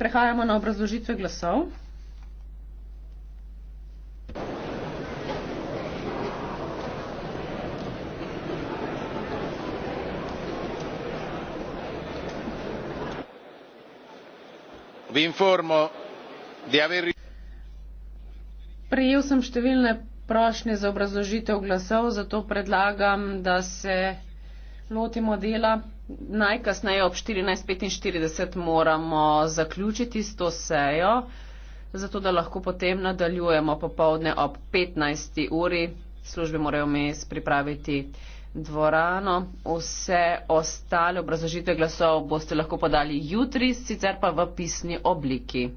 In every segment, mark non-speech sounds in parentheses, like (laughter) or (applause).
prehajamo na obrazložitve glasov prejel sem številne prošnje za obrazložitev glasov zato predlagam da se lotimo dela najkasneje ob 14.45 moramo zaključiti s to sejo, zato da lahko potem nadaljujemo popovdne ob 15. uri. Službe morajo mes pripraviti dvorano. Vse ostale obrazložitve glasov boste lahko podali jutri, sicer pa v pisni obliki.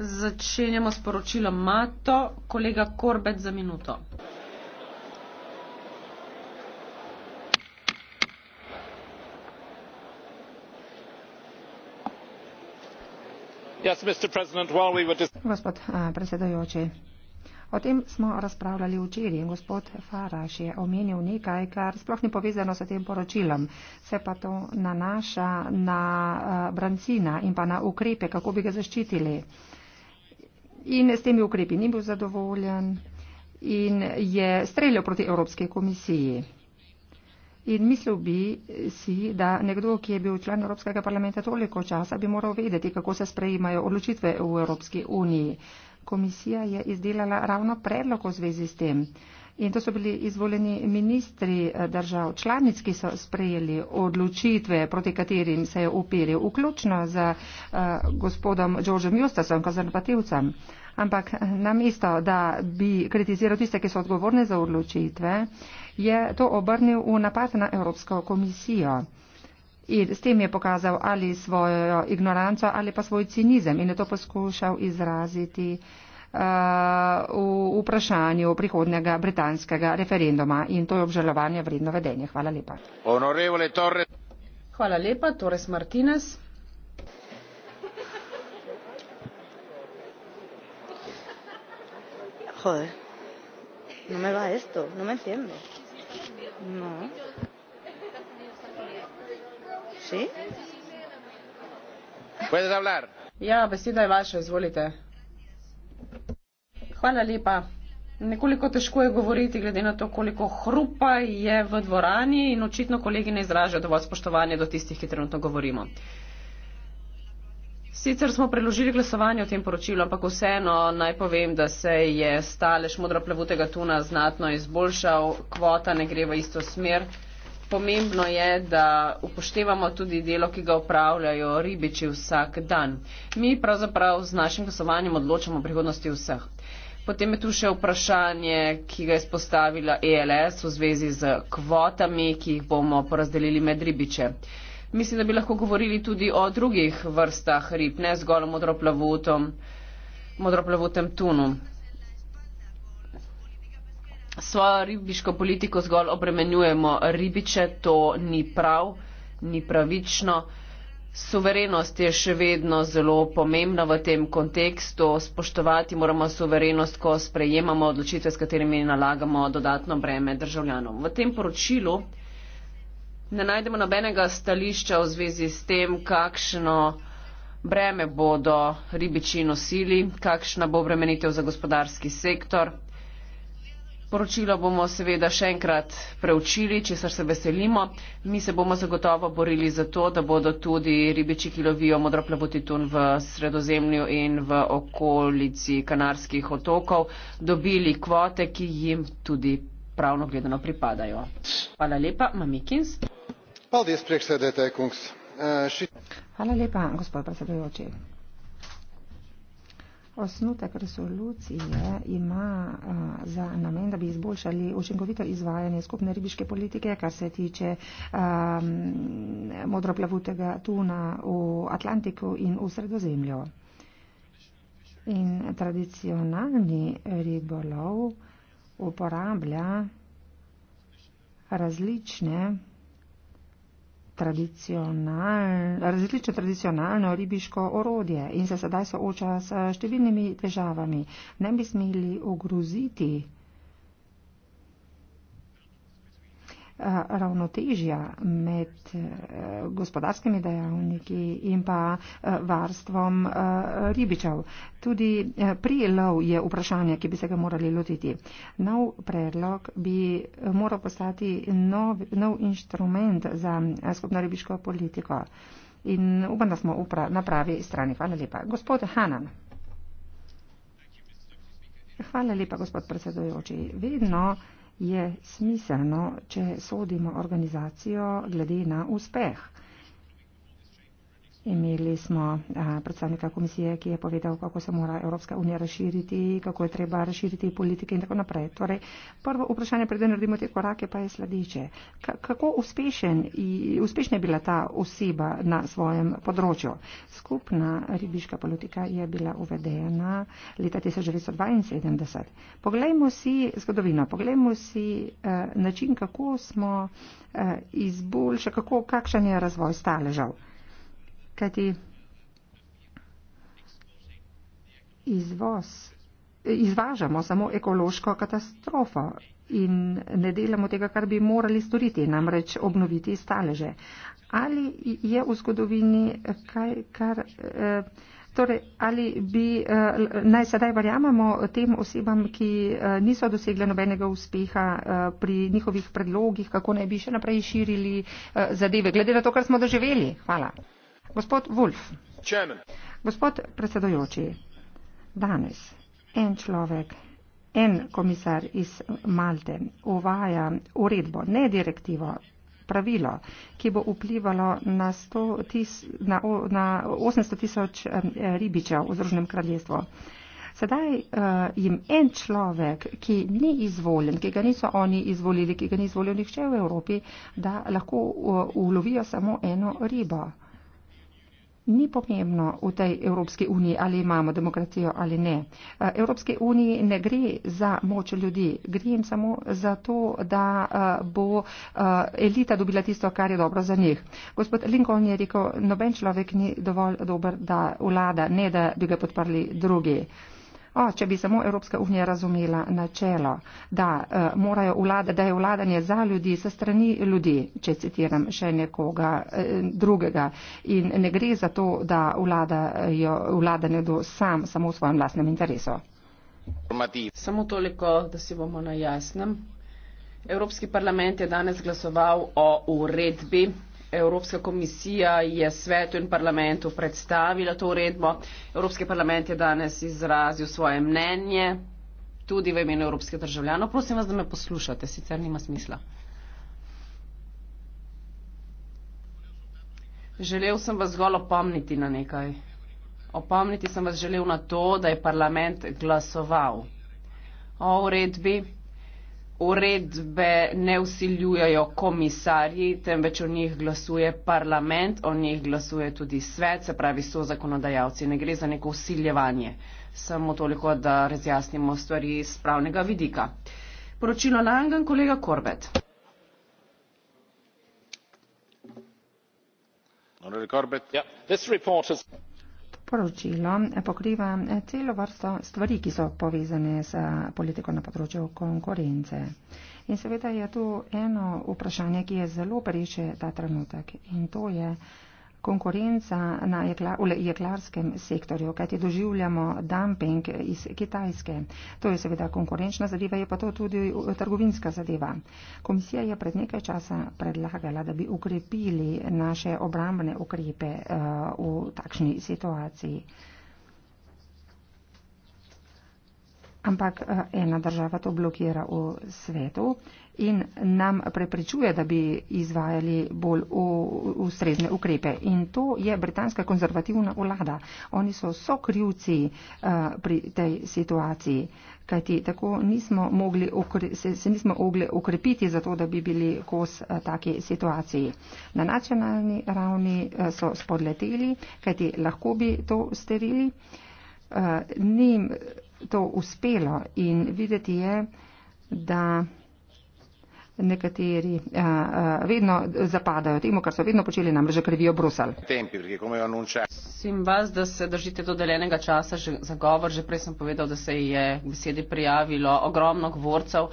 začenjamo s poročilom mato kolega korbec za minuto začenjamo s poročilom mato kolega korbec za minuto Gospod eh, predsedujoči, O tem smo razpravljali včeraj. Gospod Faraš je omenil nekaj, kar sploh ni povezano s tem poročilom. Se pa to nanaša na eh, brancina in pa na ukrepe, kako bi ga zaščitili. In s temi ukrepi ni bil zadovoljen in je streljal proti Evropske komisiji. In mislil bi si, da nekdo, ki je bil član Evropskega parlamenta toliko časa, bi moral vedeti, kako se sprejemajo odločitve v Evropski uniji komisija je izdelala ravno predlog v zvezi s tem. In to so bili izvoljeni ministri eh, držav članic, ki so sprejeli odločitve, proti katerim se je upiril, vključno z uh, gospodom Georgeom Justasom, konzervativcem. Ampak eh, namesto, da bi kritiziral tiste, ki so odgovorni za odločitve, je to obrnil v napad na Evropsko komisijo. In s tem je pokazal ali svojo ignoranco ali pa svoj cinizem in je to poskušal izraziti uh, v vprašanju prihodnega britanskega referenduma in to je obžalovanje vredno vedenje. Hvala lepa. Hvala lepa, Torres Martinez. Joder, no me va esto, no me entiendo. No. Sí. Puedes hablar. Ja, beseda je vaša, izvolite. Hvala lepa. Nekoliko težko je govoriti, glede na to, koliko hrupa je v dvorani in očitno kolegi ne izražajo dovolj spoštovanja do tistih, ki trenutno govorimo. Sicer smo preložili glasovanje o tem poročilu, ampak vseeno naj povem, da se je stalež modroplevutega tuna znatno izboljšal, kvota ne gre v isto smer pomembno je, da upoštevamo tudi delo, ki ga upravljajo ribiči vsak dan. Mi pravzaprav z našim glasovanjem odločamo o prihodnosti vseh. Potem je tu še vprašanje, ki ga je spostavila ELS v zvezi z kvotami, ki jih bomo porazdelili med ribiče. Mislim, da bi lahko govorili tudi o drugih vrstah rib, ne zgolj o modroplavutem tunu svojo ribiško politiko zgolj obremenjujemo ribiče, to ni prav, ni pravično. Suverenost je še vedno zelo pomembna v tem kontekstu. Spoštovati moramo suverenost, ko sprejemamo odločitve, s katerimi nalagamo dodatno breme državljanom. V tem poročilu ne najdemo nobenega stališča v zvezi s tem, kakšno breme bodo ribiči nosili, kakšna bo obremenitev za gospodarski sektor. Poročilo bomo seveda še enkrat preučili, česar se veselimo. Mi se bomo zagotovo borili za to, da bodo tudi ribiči, ki lovijo modroplavuti tun v sredozemlju in v okolici Kanarskih otokov, dobili kvote, ki jim tudi pravno gledano pripadajo. Hvala lepa, Mamikins. Hvala lepa, gospod predsedujoči. Osnutek resolucije ima a, eh, za namen, da bi izboljšali učinkovito izvajanje skupne ribiške politike, kar se tiče ehm, modroplavutega tuna v Atlantiku in v sredozemlju. In tradicionalni ribolov uporablja različne tradicional, različno tradicionalno ribiško orodje in se sedaj sooča s številnimi težavami. Ne bi smeli ogroziti Eh, ravnotežja med eh, gospodarskimi dejavniki in pa eh, varstvom ribičev. Tudi prijelov je vprašanje, ki bi se ga morali lotiti. Nov predlog bi moral postati nov, nov inštrument za skupno ribiško politiko. In upam, da smo na pravi strani. Hvala lepa. Gospod Hanan. Hvala lepa, gospod predsedujoči. Vedno je smiselno, če sodimo organizacijo glede na uspeh. Imeli smo predstavnika komisije, ki je povedal, kako se mora Evropska unija razširiti, kako je treba razširiti politike in tako naprej. Torej, prvo vprašanje, preden naredimo te korake, pa je sledeče. Kako uspešna je bila ta oseba na svojem področju? Skupna ribiška politika je bila uvedena leta 1972. Poglejmo si zgodovino, poglejmo si način, kako smo izboljšali, kakšen je razvoj staležal kajti izvoz, izvažamo samo ekološko katastrofo in ne delamo tega, kar bi morali storiti, namreč obnoviti staleže. Ali je v zgodovini kaj, kar. Eh, torej, ali bi eh, naj sedaj verjamemo tem osebam, ki eh, niso dosegle nobenega uspeha pri njihovih predlogih, kako naj bi še naprej širili zadeve, glede na to, kar smo doživeli? Hvala. Gospod Wolf. Chairman. Gospod predsedujoči, danes en človek, en komisar iz Malte uvaja uredbo, ne direktivo, pravilo, ki bo vplivalo na, tis, na, na 800 tisoč eh, ribičev v Združenem kraljestvu. Sedaj uh, jim en človek, ki ni izvoljen, ki ga niso oni izvolili, ki ga ni izvolil nihče v Evropi, da lahko uh, ulovijo samo eno ribo ni pomembno v tej Evropski uniji, ali imamo demokracijo ali ne. Eh, Evropske unije ne gre za moč ljudi, gre jim samo za to, da eh, bo eh, elita dobila tisto, kar je dobro za njih. Gospod Lincoln je rekel, noben človek ni dovolj dober, da vlada, ne da bi ga podprli drugi. O, če bi samo Evropska unija razumela načelo, da, eh, morajo, da je vladanje za ljudi, se strani ljudi, če citiram še nekoga eh, drugega. In ne gre za to, da vladajo, vlada ne do sam, samo v svojem lastnem interesu. Samo toliko, da si bomo na jasnem. Evropski parlament je danes glasoval o uredbi Evropska komisija je svetu in parlamentu predstavila to uredbo. Evropski parlament je danes izrazil svoje mnenje, tudi v imenu evropske državljanov. Prosim vas, da me poslušate, sicer nima smisla. Želel sem vas zgolj opomniti na nekaj. Opomniti sem vas želel na to, da je parlament glasoval o uredbi uredbe ne usiljujejo komisarji, temveč o njih glasuje parlament, o njih glasuje tudi svet, se pravi so zakonodajalci. Ne gre za neko usiljevanje, samo toliko, da razjasnimo stvari iz pravnega vidika. Poročilo Langen, kolega Korbet. Ja. Poročilo pokriva celo vrsto stvari, ki so povezane s politiko na področju konkurence. In seveda je tu eno vprašanje, ki je zelo pereče ta trenutek in to je konkurenca na jeklarskem sektorju, kajti doživljamo dumping iz Kitajske. To je seveda konkurenčna zadeva, je pa to tudi eh, trgovinska zadeva. Komisija je pred nekaj časa predlagala, da bi ukrepili naše obrambne ukrepe eh, v takšni situaciji. Ampak eh, ena država to blokira v svetu in nam preprečuje, da bi izvajali bolj ustrezne ukrepe. In to je britanska konzervativna vlada. Oni so sokrivci uh, pri tej situaciji, kajti tako nismo mogli se, se nismo mogli ukrepiti za to, da bi bili kos uh, eh, take situaciji. Na nacionalni ravni uh, so spodleteli, kajti lahko bi to sterili. Uh, Nim to uspelo in videti je, da nekateri a, eh, a, eh, vedno zapadajo temu, kar so vedno počeli, namreč že krivijo Brusel. Prosim vas, da se držite dodeljenega časa že, za govor. Že prej sem povedal, da se je v besedi prijavilo ogromno govorcev.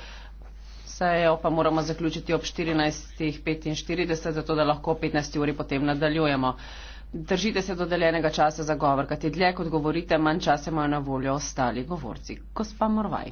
Sejo pa moramo zaključiti ob 14.45, zato da lahko 15 uri potem nadaljujemo. Držite se dodeljenega časa za govor, kajti dlje kot govorite, manj časa imajo na voljo ostali govorci. Gospa Morvaj.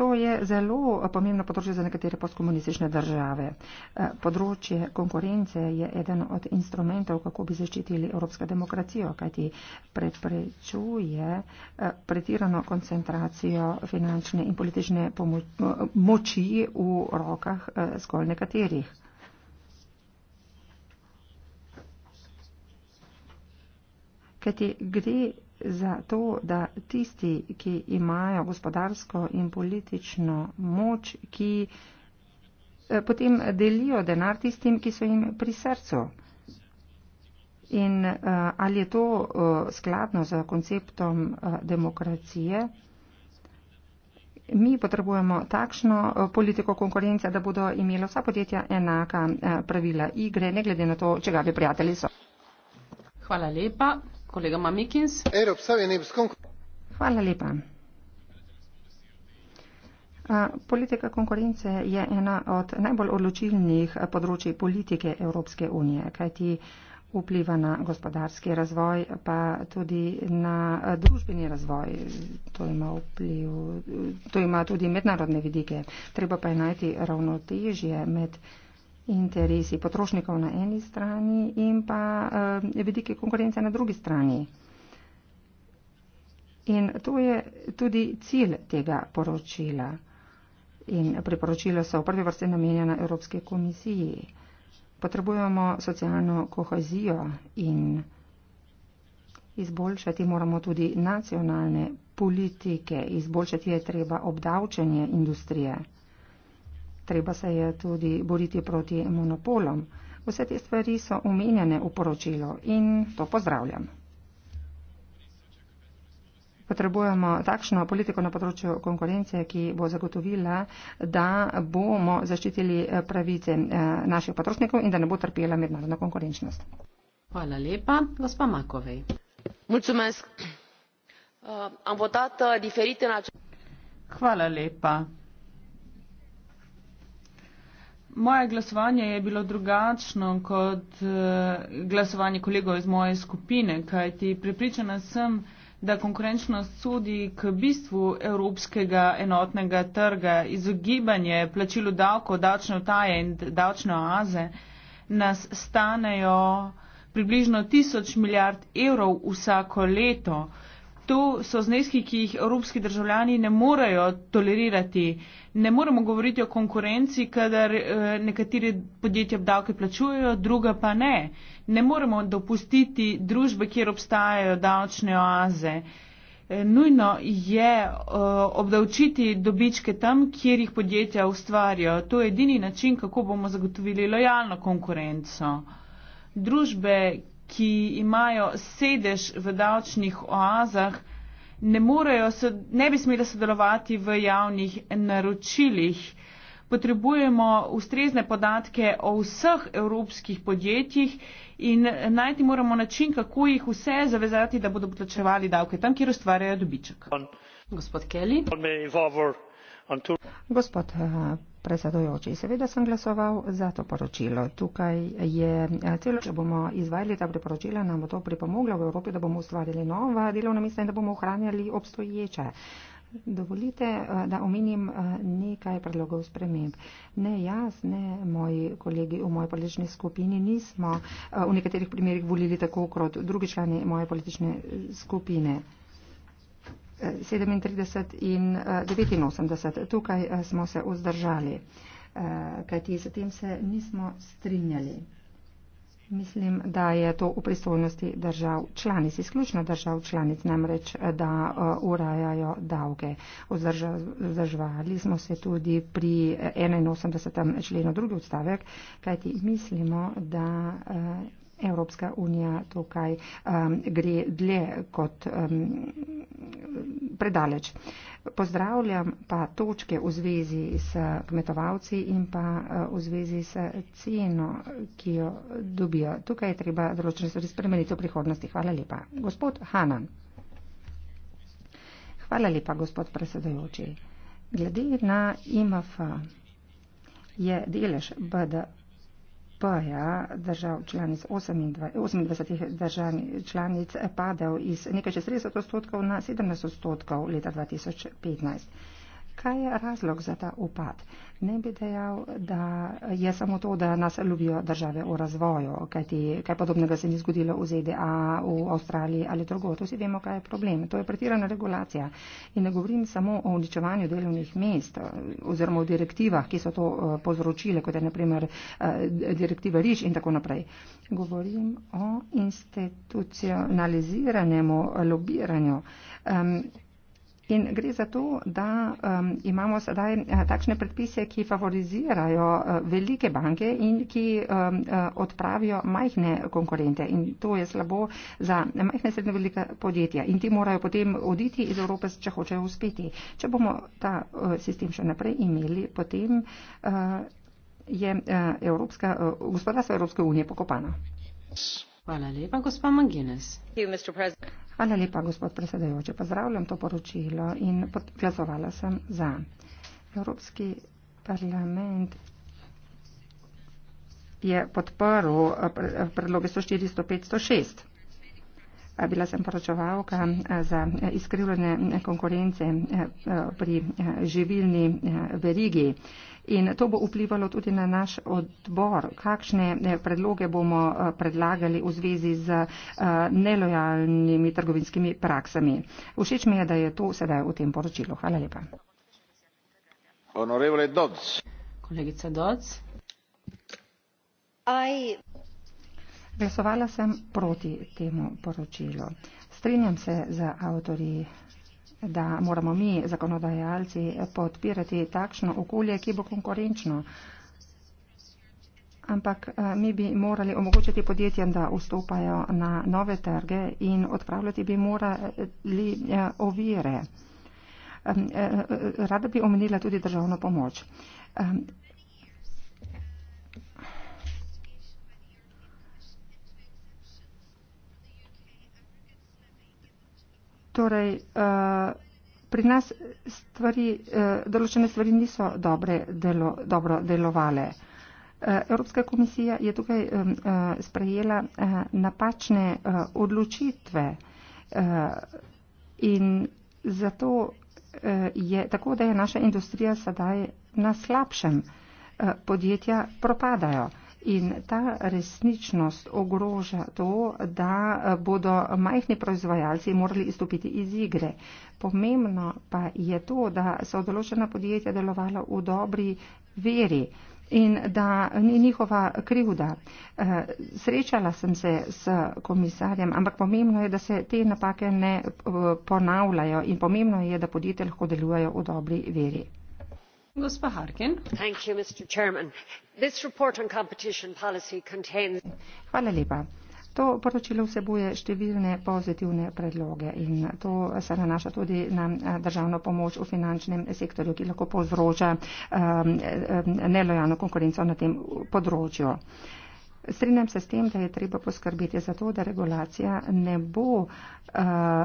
to je zelo pomembno področje za nekatere postkomunistične države. Eh, področje konkurence je eden od instrumentov, kako bi zaščitili evropsko demokracijo, kajti preprečuje eh, pretirano koncentracijo finančne in politične moči v rokah eh, zgolj nekaterih. Kajti gre zato, da tisti, ki imajo gospodarsko in politično moč, ki eh, potem delijo denar tistim, ki so jim pri srcu. In eh, ali je to eh, skladno z konceptom demokracije? Mi potrebujemo takšno politiko konkurence, da bodo imela vsa podjetja enaka pravila igre, ne glede na to, čega bi prijatelji so. Hvala lepa. Politika konkurence je ena od najbolj odločilnih področji politike Evropske unije, kajti vpliva na gospodarski razvoj, pa tudi na družbeni razvoj. To ima, vpliv, to ima tudi mednarodne vidike. Treba pa je najti ravnotežje med interesi potrošnikov na eni strani in pa uh, vidike konkurence na drugi strani. In to je tudi cilj tega poročila. In priporočila so v prvi vrsti namenjena Evropske komisiji. Potrebujemo socialno kohezijo in izboljšati moramo tudi nacionalne politike. Izboljšati je treba obdavčenje industrije treba se je tudi boriti proti monopolom. Vse te stvari so omenjene v poročilu in to pozdravljam. Potrebujemo takšno politiko na področju konkurence, ki bo zagotovila, da bomo zaščitili eh, pravice eh, naših potrošnikov in da ne bo trpela mednarodna konkurenčnost. Hvala lepa, gospa Makovej. Eh, Hvala lepa. Moje glasovanje je bilo drugačno kot eh, glasovanje kolegov iz moje skupine, kajti prepričana sem, da konkurenčnost sodi k bistvu evropskega enotnega trga, izogibanje plačilu davko, davčne vtaje in davčne oaze nas stanejo približno tisoč milijard evrov vsako leto. To so zneski, ki jih evropski državljani ne morejo tolerirati. Uh, ne moremo govoriti o konkurenci, kadar eh, nekatere podjetja davke plačujejo, druga pa ne. Ne moremo dopustiti družbe, kjer obstajajo davčne oaze. Eh, nujno je eh, obdavčiti dobičke tam, kjer jih podjetja ustvarjajo. To je edini način, kako bomo zagotovili lojalno konkurenco. Družbe, ki imajo sedež v davčnih oazah, ne morejo, ne bi smele sodelovati v javnih naročilih. Potrebujemo ustrezne podatke o vseh evropskih podjetjih in najti moramo način, kako jih vse zavezati, da bodo plačevali davke tam, kjer ustvarjajo dobiček. Gospod Kelly. Gospod eh, predsedujoči, seveda sem glasoval za to poročilo. Tukaj je eh, celo, če bomo izvajali ta priporočila, nam bo to pripomoglo v Evropi, da bomo ustvarili nova delovna mesta in da bomo ohranjali obstoječe. Dovolite, eh, da omenim nekaj predlogov sprememb. Ne jaz, ne moji kolegi v moji politični skupini nismo v nekaterih primerjih volili tako kot drugi člani moje politične skupine. 37 in 89. Eh, Tukaj eh, smo se vzdržali, eh, kajti s tem se nismo strinjali. Mislim, da je to v pristojnosti držav članic, izključno držav članic, namreč, da urajajo davke. Vzdržvali smo se tudi pri 81. členu drugi odstavek, kajti mislimo, da Evropska unija tukaj um, gre dlje kot um, predaleč. Pozdravljam pa točke v zvezi s kmetovalci in pa uh, v zvezi s ceno, ki jo dobijo. Tukaj je treba določene stvari spremeniti v prihodnosti. Hvala lepa. Gospod Hanan. Hvala lepa, gospod predsedujoči. Glede na IMF je delež BDP. BDP-ja držav članic 28 držav članic padel iz nekaj čez 30 odstotkov na 17 odstotkov leta 2015. Kaj je razlog za ta upad? Ne bi dejal, da je samo to, da nas ljubijo države v razvoju, kajti kaj podobnega se ni zgodilo v ZDA, v Avstraliji ali drugo. To si vemo, kaj je problem. To je pretirana regulacija. In ne govorim samo o uničevanju delovnih mest eh, oziroma o direktivah, ki so to eh, povzročile, kot je naprimer eh, direktiva Riš in tako naprej. Govorim o institucionaliziranemu lobiranju. Um, In gre za to, da um, imamo sedaj uh, takšne predpise, ki favorizirajo uh, velike banke in ki um, uh, odpravijo majhne konkurente. In to je slabo za majhne srednje velike podjetja. In ti morajo potem oditi iz Evrope, če hočejo uspeti. Če bomo ta uh, sistem še naprej imeli, potem uh, je uh, Evropska, uh, gospodarstvo Evropske unije pokopano. Hvala lepa, gospa Manginez. Hvala lepa, gospod predsedajoče. Pozdravljam to poročilo in glasovala sem za. Evropski parlament je podporil eh, eh, predloge 104-506. Eh, bila sem poročevalka za izkrivljene konkurence pri živilni verigi. In to bo vplivalo tudi na naš odbor, kakšne eh, predloge bomo eh, predlagali v zvezi z eh, nelojalnimi trgovinskimi praksami. Všeč mi je, da je to sedaj v tem poročilu. Hvala lepa. Dodz. Kolegica Dodz. I... Glasovala sem proti temu poročilu. Strinjam se z avtorji da moramo mi, zakonodajalci, podpirati takšno okolje, ki bo konkurenčno. Ampak eh, mi bi morali omogočiti podjetjem, da vstopajo na nove trge in odpravljati bi morali eh, ovire. Eh, rada bi omenila tudi državno pomoč. Torej, eh, pri nas stvari, eh, določene stvari niso dobre, delo, dobro delovale. Eh, Evropska komisija je tukaj sprejela napačne odločitve in zato je tako, da je naša industrija sedaj na slabšem. Podjetja propadajo. In ta resničnost ogroža to, da eh, bodo majhni proizvajalci morali izstopiti iz igre. Pomembno pa je to, da so določena podjetja delovala v dobri veri in da ni njihova krivda. Eh, srečala sem se s komisarjem, ampak pomembno je, da se te napake ne eh, ponavljajo in pomembno je, da podjetja lahko delujejo v dobri veri to poročilo vsebuje številne pozitivne predloge in to se nanaša tudi na eh, državno pomoč v finančnem sektorju ki lahko povzroča um, nelojalno konkurenco na tem področju. Um, Strinjam se s tem, da je treba poskrbeti za to, da regulacija ne bo uh,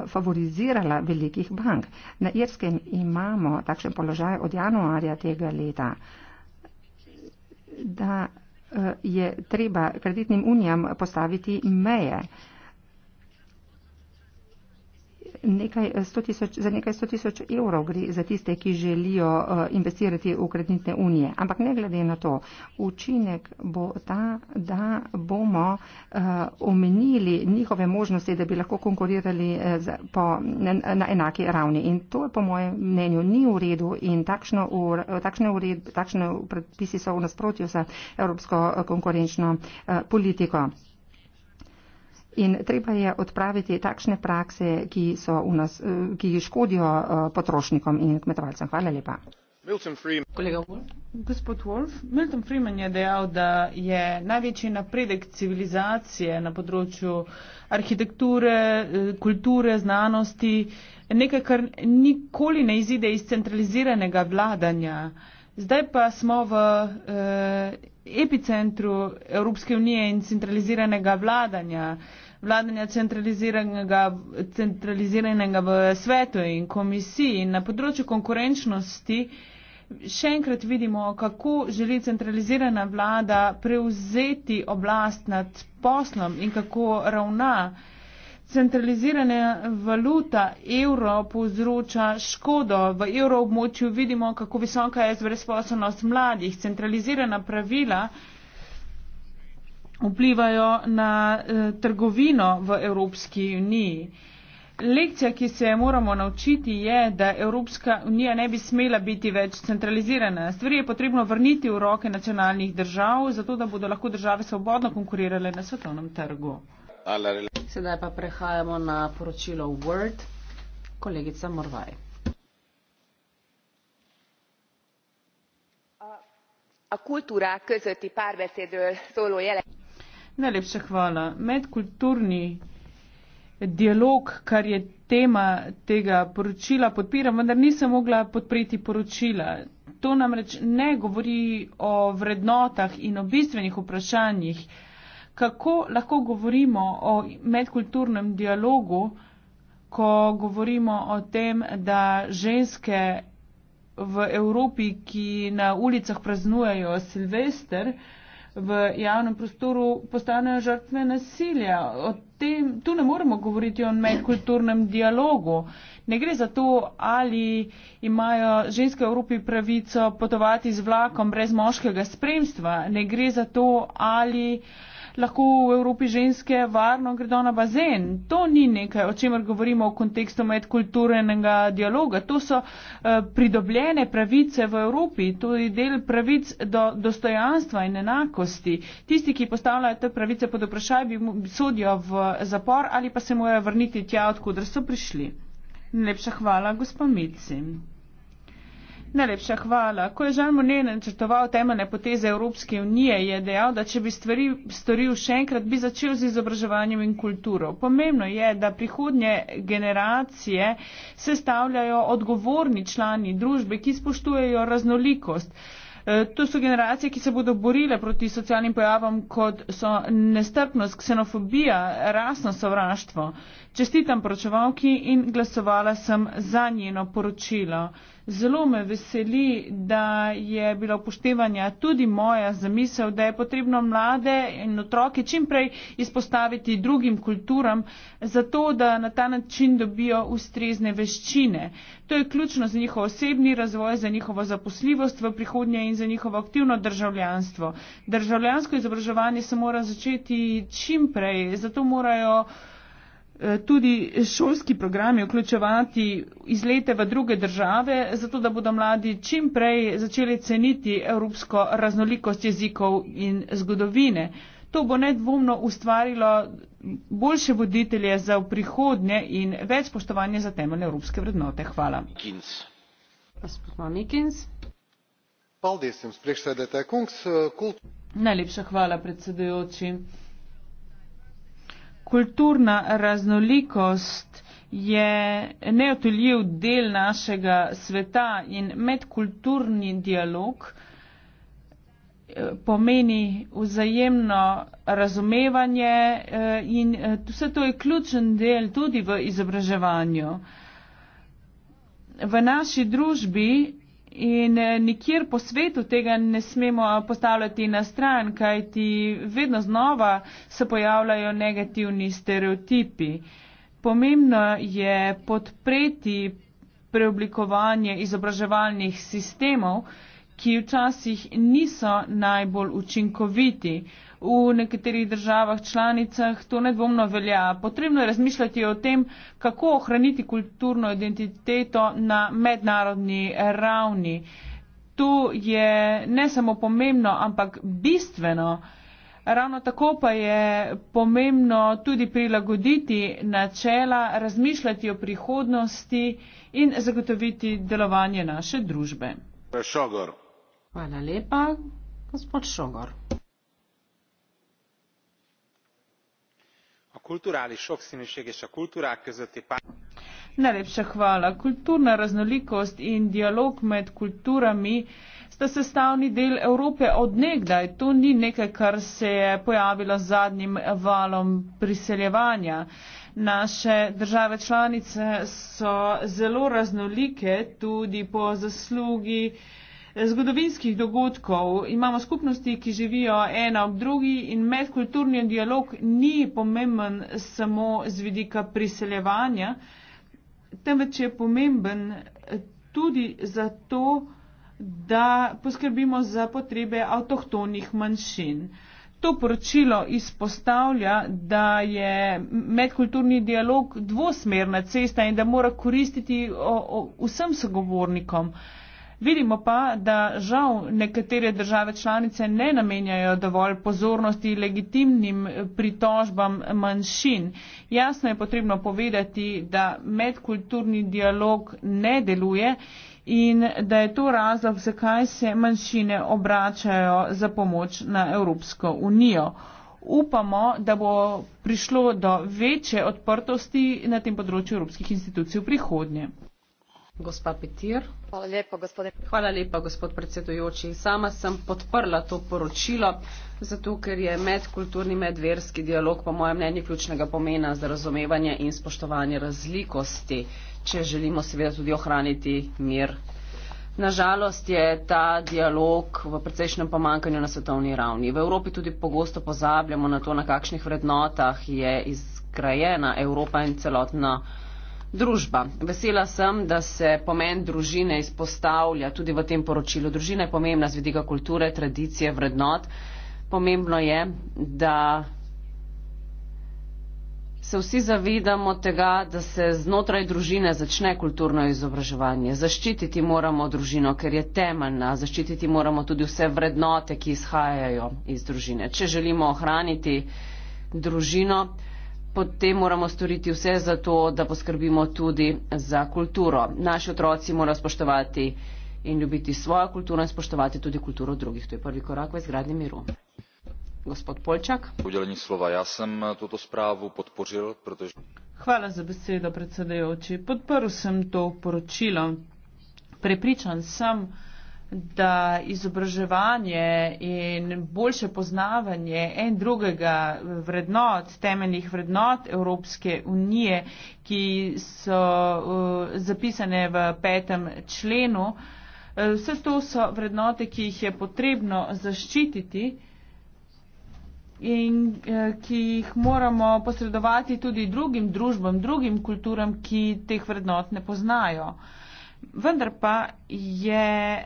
favorizirala velikih bank. Na Irskem imamo takšen položaj od januarja tega leta, da uh, je treba kreditnim unijam postaviti meje. Uh, nekaj eh, tisoč, za nekaj sto tisoč evrov gre za tiste, ki želijo eh, investirati v kreditne unije. Ampak ne glede na to, učinek bo ta, da bomo eh, omenili njihove možnosti, da bi lahko konkurirali po, na, na enaki ravni. In to je po mojem mnenju ni v redu in takšne ured, predpisi so v nasprotju s evropsko konkurenčno politiko. In treba je odpraviti takšne prakse, ki, nas, eh, ki škodijo eh, potrošnikom in kmetovalcem. Hvala lepa. Gospod Wolf, Milton Freeman je dejal, da je največji napredek civilizacije na področju arhitekture, eh, kulture, znanosti nekaj, kar nikoli ne izide iz centraliziranega vladanja. Zdaj pa smo v eh, epicentru Evropske unije in centraliziranega vladanja. Eh, vladanja centraliziranega, centraliziranega v svetu in komisiji in na področju konkurenčnosti, še enkrat vidimo, kako želi centralizirana vlada prevzeti oblast nad poslom in kako ravna. Centralizirana valuta evro povzroča škodo. V evroobmočju vidimo, kako visoka je zbrezposobnost mladih. Centralizirana pravila vplivajo na eh, trgovino v Evropski uniji. Lekcija, ki se jo moramo naučiti, je, da Evropska unija ne bi smela biti več centralizirana. Stvari je potrebno vrniti v roke nacionalnih držav, zato da bodo lahko države svobodno konkurirale na svetovnem trgu. Sedaj pa prehajamo na poročilo Word. Kolegica Morvaj. A kultúra közötti párbeszédről szóló jelenet. Najlepša hvala. Medkulturni dialog, kar je tema tega poročila, podpiram, vendar nisem mogla podpreti poročila. To namreč ne govori o vrednotah in o bistvenih vprašanjih, kako lahko govorimo o medkulturnem dialogu, ko govorimo o tem, da ženske v Evropi, ki na ulicah praznujejo Silvester, v javnem prostoru postanejo žrtve nasilja. Tem, tu ne moremo govoriti o medkulturnem dialogu. Ne gre za to, ali imajo ženske v Evropi pravico potovati z vlakom brez moškega spremstva. Ne gre za to, ali. Uh, lahko v Evropi ženske varno gredo na bazen. To ni nekaj, o čemer govorimo v kontekstu medkulturnega dialoga. To so eh, pridobljene pravice v Evropi, tudi del pravic do dostojanstva in enakosti. Tisti, ki postavljajo te pravice pod vprašaj, bi sodijo v zapor ali pa se morajo vrniti tja, odkudr so prišli. Najlepša hvala, gospod Mici. Najlepša hvala. Ko je Žan Monet načrtoval temeljne poteze Evropske unije, je dejal, da če bi stvari storil še enkrat, bi začel z izobraževanjem in kulturo. Pomembno je, da prihodnje generacije sestavljajo odgovorni člani družbe, ki spoštujejo raznolikost. E, to so generacije, ki se bodo borile proti socialnim pojavom, kot so nestrpnost, ksenofobija, rasno sovraštvo. Čestitam poročevalki in glasovala sem za njeno poročilo. Zelo me veseli, da je bila upoštevanja tudi moja zamisel, da je potrebno mlade in otroke čimprej izpostaviti drugim kulturam, zato da na ta način dobijo ustrezne veščine. To je ključno za njihov osebni razvoj, za njihovo zaposljivost v prihodnje in za njihovo aktivno državljanstvo. Državljansko izobraževanje se mora začeti čimprej, zato morajo Eh, tudi šolski programi vključevati izlete v druge države, zato da bodo mladi čim prej začeli ceniti evropsko raznolikost jezikov in zgodovine. To bo nedvomno ustvarilo boljše voditelje za prihodnje in več spoštovanja za temeljne evropske vrednote. Hvala. Najlepša hvala predsedujoči kulturna raznolikost je neotoljiv del našega sveta in medkulturni dialog eh, pomeni vzajemno razumevanje eh, in eh, vse to je ključen del tudi v izobraževanju. V naši družbi in eh, nikjer po svetu tega ne smemo postavljati na stran, kajti vedno znova se pojavljajo negativni stereotipi. Pomembno je podpreti preoblikovanje izobraževalnih sistemov, ki včasih niso najbolj učinkoviti v nekaterih državah članicah, to nedvomno velja. Potrebno je razmišljati o tem, kako ohraniti kulturno identiteto na mednarodni ravni. To je ne samo pomembno, ampak bistveno. Ravno tako pa je pomembno tudi prilagoditi načela, razmišljati o prihodnosti in zagotoviti delovanje naše družbe. Šogor. Hvala lepa, gospod Šogor. kulturális soksznűség és a kultúrák közötti Najlepša hvala. Kulturna raznolikost in dialog med kulturami sta sestavni del Evrope odnegdaj. To ni nekaj, kar se je pojavilo z zadnjim valom priseljevanja. Naše države članice so zelo raznolike, tudi po zaslugi eh, zgodovinskih dogodkov. Imamo skupnosti, ki živijo ena ob drugi in medkulturni dialog ni pomemben samo z vidika priseljevanja, temveč je pomemben tudi zato, da poskrbimo za potrebe avtohtonih manjšin. To poročilo izpostavlja, da je medkulturni dialog dvosmerna cesta in da mora koristiti o, o vsem sogovornikom. Uh, Vidimo pa, da žal nekatere države članice ne namenjajo dovolj pozornosti legitimnim pritožbam manjšin. Jasno je potrebno povedati, da medkulturni dialog ne deluje in da je to razlog, zakaj se manjšine obračajo za pomoč na Evropsko unijo. Upamo, da bo prišlo do večje odprtosti na tem področju evropskih institucij v prihodnje. Sama sem podprla to poročilo, zato ker je medkulturni medverski dialog po mojem mnenju ključnega pomena za razumevanje in spoštovanje razlikosti, če želimo seveda tudi ohraniti mir. Nažalost je ta dialog v precejšnjem pomankanju na svetovni ravni. V Evropi tudi pogosto pozabljamo na to, na kakšnih vrednotah je izgrajena Evropa in celotna Evropa. Družba. Vesela sem, da se pomen družine izpostavlja tudi v tem poročilu. Družina je pomembna z vidika kulture, tradicije, vrednot. Pomembno je, da se vsi zavedamo tega, da se znotraj družine začne kulturno izobraževanje. Zaščititi moramo družino, ker je temeljna. Zaščititi moramo tudi vse vrednote, ki izhajajo iz družine. Če želimo ohraniti družino, potem moramo storiti vse za to, da poskrbimo tudi za kulturo. Naši otroci morajo spoštovati in ljubiti svojo kulturo in spoštovati tudi kulturo drugih. To je prvi korak v izgradnji miru. Gospod Polčak. Udeleni slova. Jaz sem eh, to spravo podpožil, protože. Hvala za besedo, predsedajoči. Podprl sem to poročilo. Prepričan sem, da izobraževanje in boljše poznavanje en drugega vrednot, temeljnih vrednot Evropske unije, ki so eh, zapisane v petem členu, eh, vse to so vrednote, ki jih je potrebno zaščititi in eh, ki jih moramo posredovati tudi drugim družbam, drugim kulturam, ki teh vrednot ne poznajo vendar pa je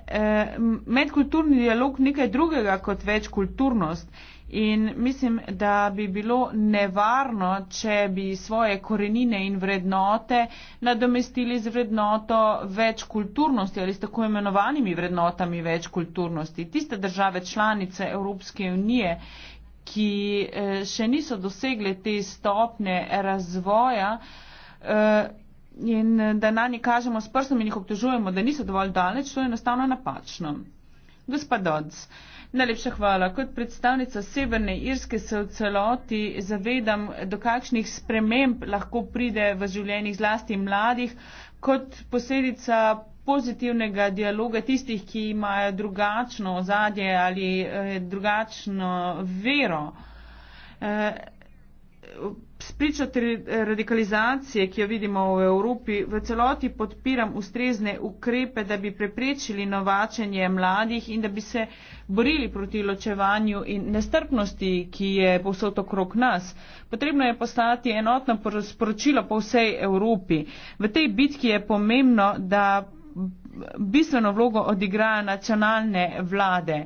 eh, medkulturni dialog nekaj drugega kot večkulturnost. In mislim, da bi bilo nevarno, če bi svoje korenine in vrednote nadomestili z vrednoto večkulturnosti ali s tako imenovanimi vrednotami večkulturnosti. Tiste države članice Evropske unije, ki eh, še niso dosegle te stopne razvoja, eh, in eh, da na njih kažemo s prstom in jih obtožujemo, da niso dovolj daleč, to je enostavno napačno. Gospod Dodds, najlepša hvala. Kot predstavnica Severne Irske se v celoti zavedam, do kakšnih sprememb lahko pride v življenjih zlasti mladih, kot posledica pozitivnega dialoga tistih, ki imajo drugačno ozadje ali eh, drugačno vero. Eh, spričati eh, radikalizacije, ki jo vidimo v Evropi, v celoti podpiram ustrezne ukrepe, da bi preprečili novačenje mladih in da bi se borili proti ločevanju in nestrpnosti, ki je povsod okrog nas. Potrebno je postati enotno sporočilo po vsej Evropi. V tej bitki je pomembno, da bistveno vlogo odigrajo nacionalne vlade.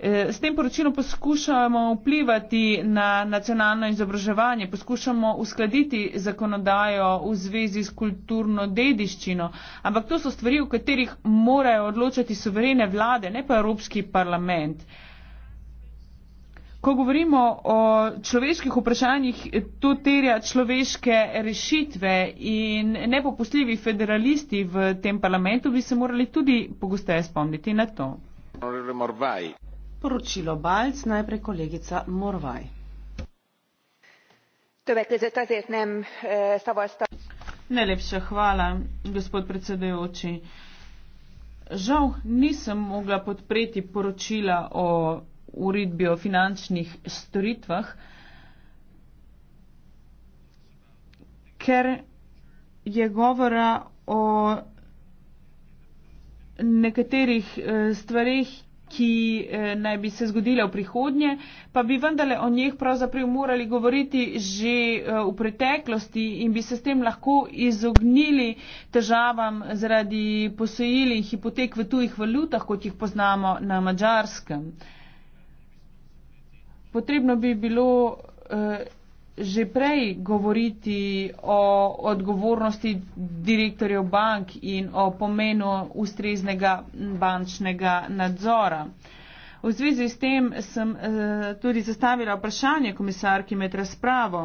Eh, s tem poročilom poskušamo vplivati na nacionalno izobraževanje, poskušamo uskladiti zakonodajo v zvezi s kulturno dediščino, ampak to so stvari, o katerih morajo odločati suverene vlade, ne pa Evropski parlament. Ko govorimo o človeških vprašanjih, to terja človeške rešitve in nepopustljivi federalisti v tem parlamentu bi se morali tudi pogosteje spomniti na to. Poročilo Balc, najprej kolegica Morvaj. Többek között azért nem szavaztam. Najlepša hvala, gospod predsedujoči. Žal nisem mogla podpreti poročila o uredbi o finančnih storitvah, ker je govora o nekaterih e, stvarih, ki eh, naj bi se zgodile v prihodnje, pa bi vendarle o njih pravzaprav morali govoriti že eh, v preteklosti in bi se s tem lahko izognili težavam zaradi posojil in hipotek v tujih valutah, kot jih poznamo na mačarskem. Potrebno bi bilo eh, že prej govoriti o odgovornosti direktorjev bank in o pomenu ustreznega bančnega nadzora. V zvezi s tem sem eh, tudi zastavila vprašanje komisarki med razpravo.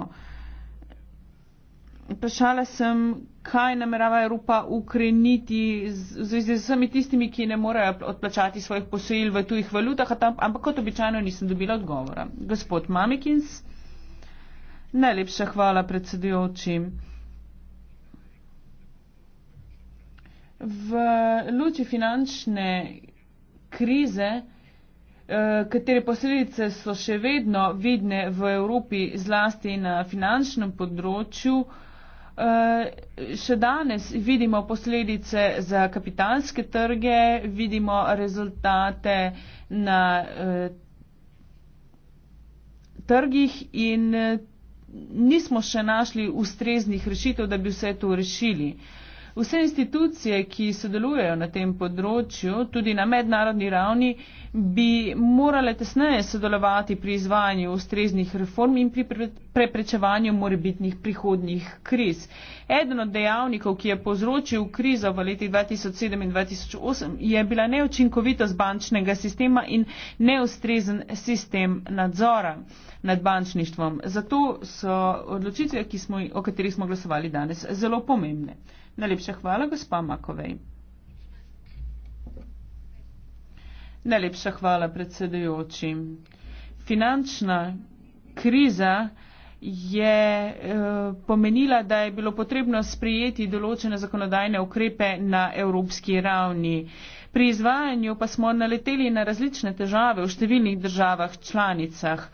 Vprašala sem, kaj namerava Evropa ukreniti z, z, z vsemi tistimi, ki ne morejo odplačati svojih posojil v tujih valutah, tam, ampak kot običajno nisem dobila odgovora. Gospod Mamikins. Najlepša hvala, predsedujoči. V luči finančne krize, eh, katere posledice so še vedno vidne v Evropi, zlasti na finančnem področju, eh, še danes vidimo posledice za kapitalske trge, vidimo rezultate na eh, trgih in trgih nismo še našli ustreznih rešitev, da bi vse to rešili. Vse institucije, ki sodelujejo na tem področju, tudi na mednarodni ravni, bi morale tesneje sodelovati pri izvajanju ustreznih reform in pri preprečevanju morebitnih prihodnih kriz. Eden od dejavnikov, ki je povzročil krizo v letih 2007 in 2008, je bila neučinkovitost bančnega sistema in neustrezen sistem nadzora nad bančništvom. Zato so odločitve, smo, o katerih smo glasovali danes, zelo pomembne. Najlepša hvala, gospa Makovej. Najlepša hvala, predsedujoči. Finančna kriza je eh, pomenila, da je bilo potrebno sprijeti določene zakonodajne ukrepe na evropski ravni. Pri izvajanju pa smo naleteli na različne težave v številnih državah članicah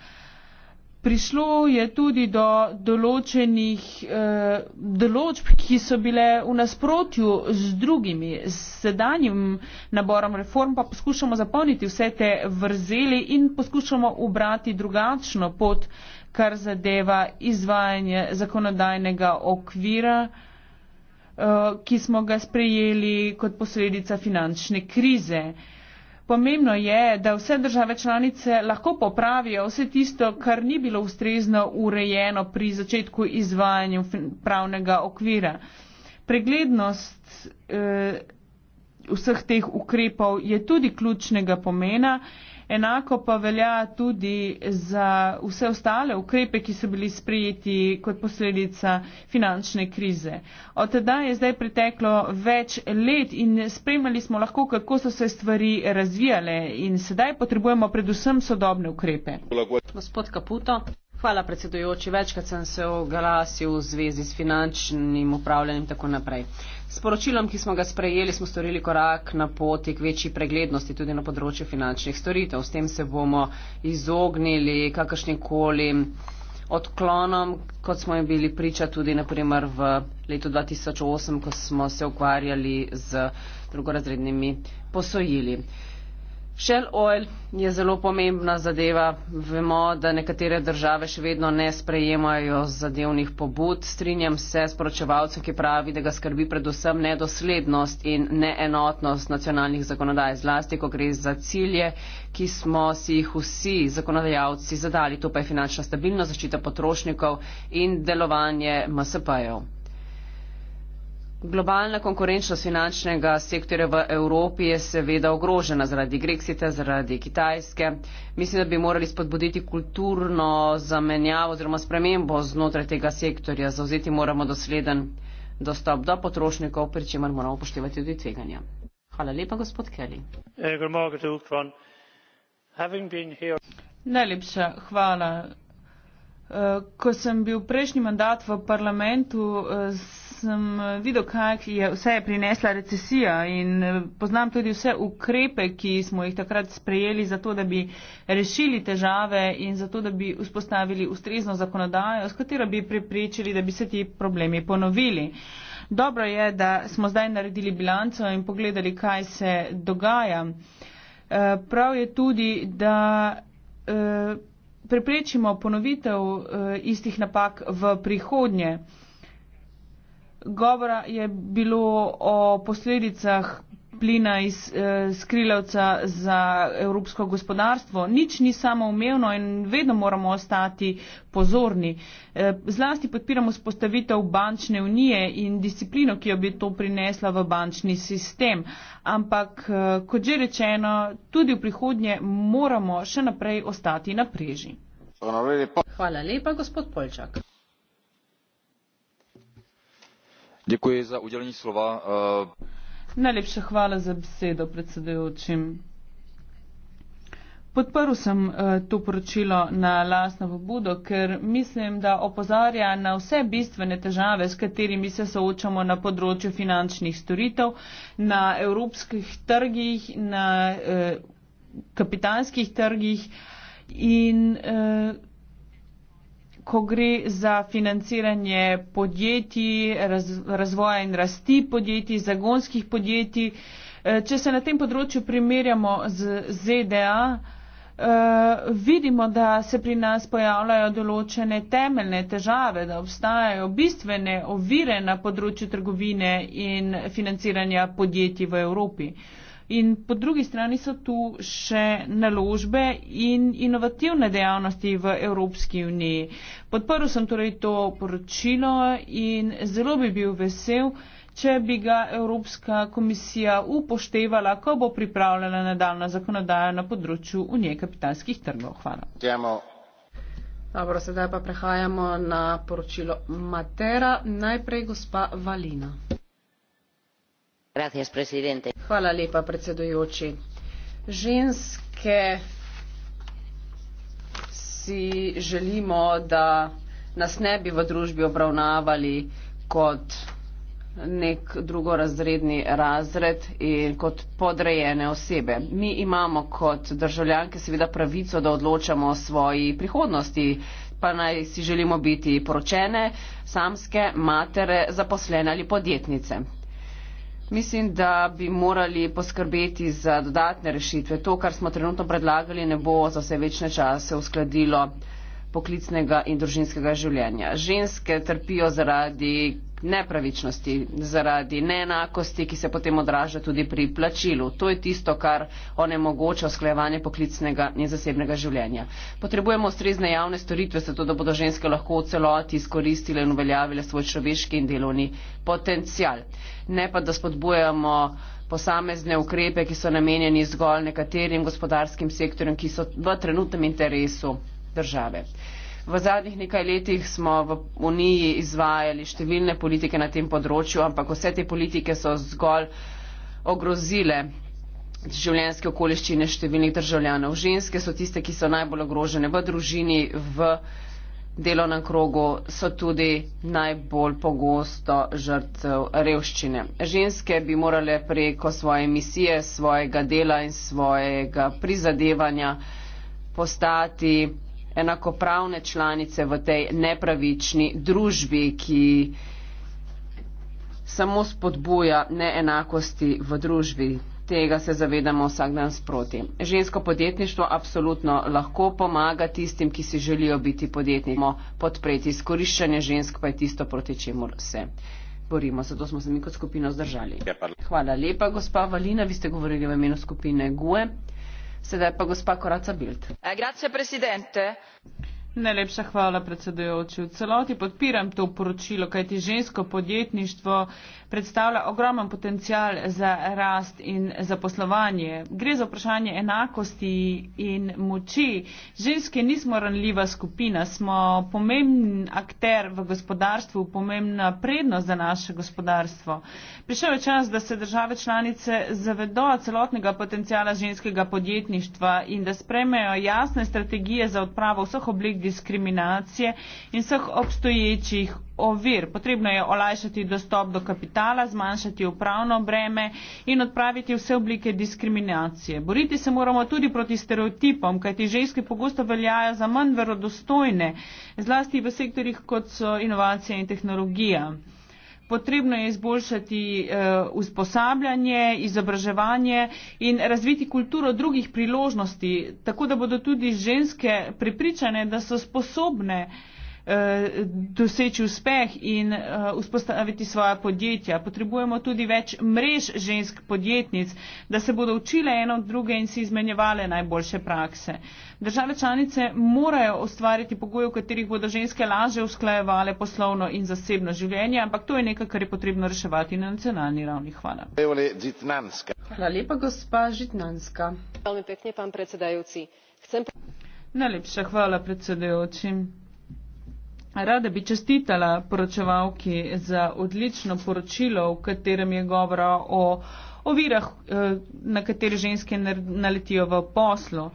prišlo je tudi do določenih eh, določb, ki so bile v nasprotju z drugimi. S sedanjim naborom reform pa poskušamo zapolniti vse te vrzeli in poskušamo ubrati drugačno pot, kar zadeva izvajanje zakonodajnega okvira eh, ki smo ga sprejeli kot posledica finančne krize. Uh, Pomembno je, da vse države članice lahko popravijo vse tisto, kar ni bilo ustrezno urejeno pri začetku izvajanja pravnega okvira. Preglednost eh, vseh teh ukrepov je tudi ključnega pomena. Eh, Enako pa velja tudi za vse ostale ukrepe, ki so bili sprejeti kot posledica finančne krize. Od teda je zdaj preteklo več let in spremljali smo lahko, kako so se stvari razvijale in sedaj potrebujemo predvsem sodobne ukrepe. Gospod Kaputo. Hvala predsedujoči. Večkrat sem se oglasil v zvezi s finančnim upravljanjem in tako naprej. S poročilom, ki smo ga sprejeli, smo storili korak na poti k večji preglednosti tudi na področju finančnih storitev. S tem se bomo izognili kakršnikoli odklonom, kot smo jim bili priča tudi naprimer v letu 2008, ko smo se ukvarjali z drugorazrednimi posojili. Uh, Shell oil je zelo pomembna zadeva. Vemo, da nekatere države še vedno ne sprejemajo zadevnih pobud. Strinjam se s poročevalcem, ki pravi, da ga skrbi predvsem nedoslednost in neenotnost nacionalnih zakonodaj, zlasti, ko gre za cilje, ki smo si jih vsi zakonodajalci zadali. To pa je finančna stabilnost, zaščita potrošnikov in delovanje MSP-jev. Globalna konkurenčnost finančnega sektorja v Evropi je seveda ogrožena zaradi Grexita, zaradi Kitajske. Mislim, da bi morali spodbuditi kulturno zamenjavo oziroma spremembo znotraj tega sektorja. Zauzeti moramo dosleden dostop do potrošnikov, pri čemer moramo upoštevati tudi tveganja. Hvala lepa, gospod Kelly. Eh, Najlepša hvala. Eh, ko sem bil prejšnji mandat v parlamentu, eh, sem videl, kaj je vse prinesla recesija in eh, poznam tudi vse ukrepe, ki smo jih takrat sprejeli za to, da bi rešili težave in za to, da bi vzpostavili ustrezno zakonodajo, s katero bi preprečili, da bi se ti problemi ponovili. Dobro je, da smo zdaj naredili bilanco in pogledali, kaj se dogaja. Eh, prav je tudi, da eh, preprečimo ponovitev istih napak v prihodnje govora je bilo o posledicah plina iz eh, skrilavca za evropsko gospodarstvo. Nič ni samoumevno in vedno moramo ostati pozorni. Eh, zlasti podpiramo spostavitev bančne unije in disciplino, ki jo bi to prinesla v bančni sistem. Ampak, eh, kot že rečeno, tudi v prihodnje moramo še naprej ostati na preži. Hvala lepa, gospod Polčak. Eh, najlepša hvala za besedo predsedujočim podprl sem eh, to poročilo na lastno pobudo ker mislim da opozarja na vse bistvene težave s katerimi se soočamo na področju finančnih storitev na evropskih trgih na eh, kapitalskih trgih in eh, ko gre za financiranje podjetij, raz, razvoja in rasti podjetij, zagonskih podjetij. Eh, če se na tem področju primerjamo z ZDA, eh, vidimo, da se pri nas pojavljajo določene temeljne težave, da obstajajo bistvene ovire na področju trgovine in financiranja podjetij v Evropi. In po drugi strani so tu še naložbe in inovativne dejavnosti v Evropski uniji. Podprl sem torej to poročilo in zelo bi bil vesel, če bi ga Evropska komisija upoštevala, ko bo pripravljala nadaljna zakonodaja na področju unije kapitalskih trgov. Hvala. Djemo. Dobro, sedaj pa prehajamo na poročilo Matera. Najprej gospa Valina ženske si želimo da nas ne bi v družbi obravnavali kot nek drugorazredni razred in kot podrejene osebe. Mi imamo kot državljanke seveda pravico, da odločamo o svoji prihodnosti, pa naj si želimo biti poročene, samske, matere, zaposlene ali podjetnice. Mislim, da bi morali poskrbeti za dodatne rešitve. To, kar smo trenutno predlagali, ne bo za vse večne čase uskladilo poklicnega in družinskega življenja. Ženske trpijo zaradi nepravičnosti, zaradi neenakosti, ki se potem odraža tudi pri plačilu. To je tisto, kar onemogoča usklajevanje poklicnega in zasebnega življenja. Potrebujemo ustrezne javne storitve, zato da bodo ženske lahko v celoti izkoristile in uveljavile svoj človeški in delovni potencial. Ne pa, da spodbujamo posamezne ukrepe, ki so namenjeni zgolj nekaterim gospodarskim sektorjem, ki so v trenutnem interesu države. V zadnjih nekaj letih smo v Uniji izvajali številne politike na tem področju, ampak vse te politike so zgolj ogrozile življenjske okoliščine številnih državljanov. Ženske so tiste, ki so najbolj ogrožene v družini, v delovnem krogu, so tudi najbolj pogosto žrtv revščine. Ženske bi morale preko svoje misije, svojega dela in svojega prizadevanja postati enakopravne članice v tej nepravični družbi, ki samo spodbuja neenakosti v družbi. Tega se zavedamo vsak dan sproti. Žensko podjetništvo apsolutno lahko pomaga tistim, ki si želijo biti podjetniki. Podpreti izkoriščanje žensk pa je tisto, proti čemu se borimo. Zato smo se mi kot skupino zdržali. Ja, Hvala lepa, gospa Valina. Vi ste govorili v imenu skupine GUE. Eh, najlepša hvala predsedujoči v celoti podpiram to poročilo kajti žensko podjetništvo je ključna vrednota evropske unije predstavlja ogromen potencial za rast in zaposlovanje. Gre za vprašanje enakosti in moči. Ženske nismo ranljiva skupina, smo pomemben akter v gospodarstvu, pomembna prednost za naše gospodarstvo. Prišel je čas, da se države članice zavedo celotnega potencijala ženskega podjetništva in da spremejo jasne strategije za odpravo vseh oblik diskriminacije in vseh obstoječih ovir. Potrebno je olajšati dostop do kapitala, zmanjšati upravno breme in odpraviti vse oblike diskriminacije. Boriti se moramo tudi proti stereotipom, kajti ženske pogosto veljajo za manj verodostojne, zlasti v sektorjih kot so inovacija in tehnologija. Potrebno je izboljšati uh, usposabljanje, izobraževanje in razviti kulturo drugih priložnosti, tako da bodo tudi ženske prepričane, da so sposobne uh, Eh, doseči uspeh in eh, vzpostaviti svoja podjetja. Potrebujemo tudi več mrež žensk podjetnic, da se bodo učile eno od druge in si izmenjevale najboljše prakse. Države članice morajo ustvariti pogoje, v katerih bodo ženske laže usklajevale poslovno in zasebno življenje, ampak to je nekaj, kar je potrebno reševati na nacionalni ravni. Hvala. Hvala lepa, gospa Žitnanska. Hvala lepa, predsedajoci. Najlepša hvala predsedujočim. Rada bi čestitala poročevalki za odlično poročilo, v katerem je govora o ovirah, eh, na katere ženske naletijo v poslu.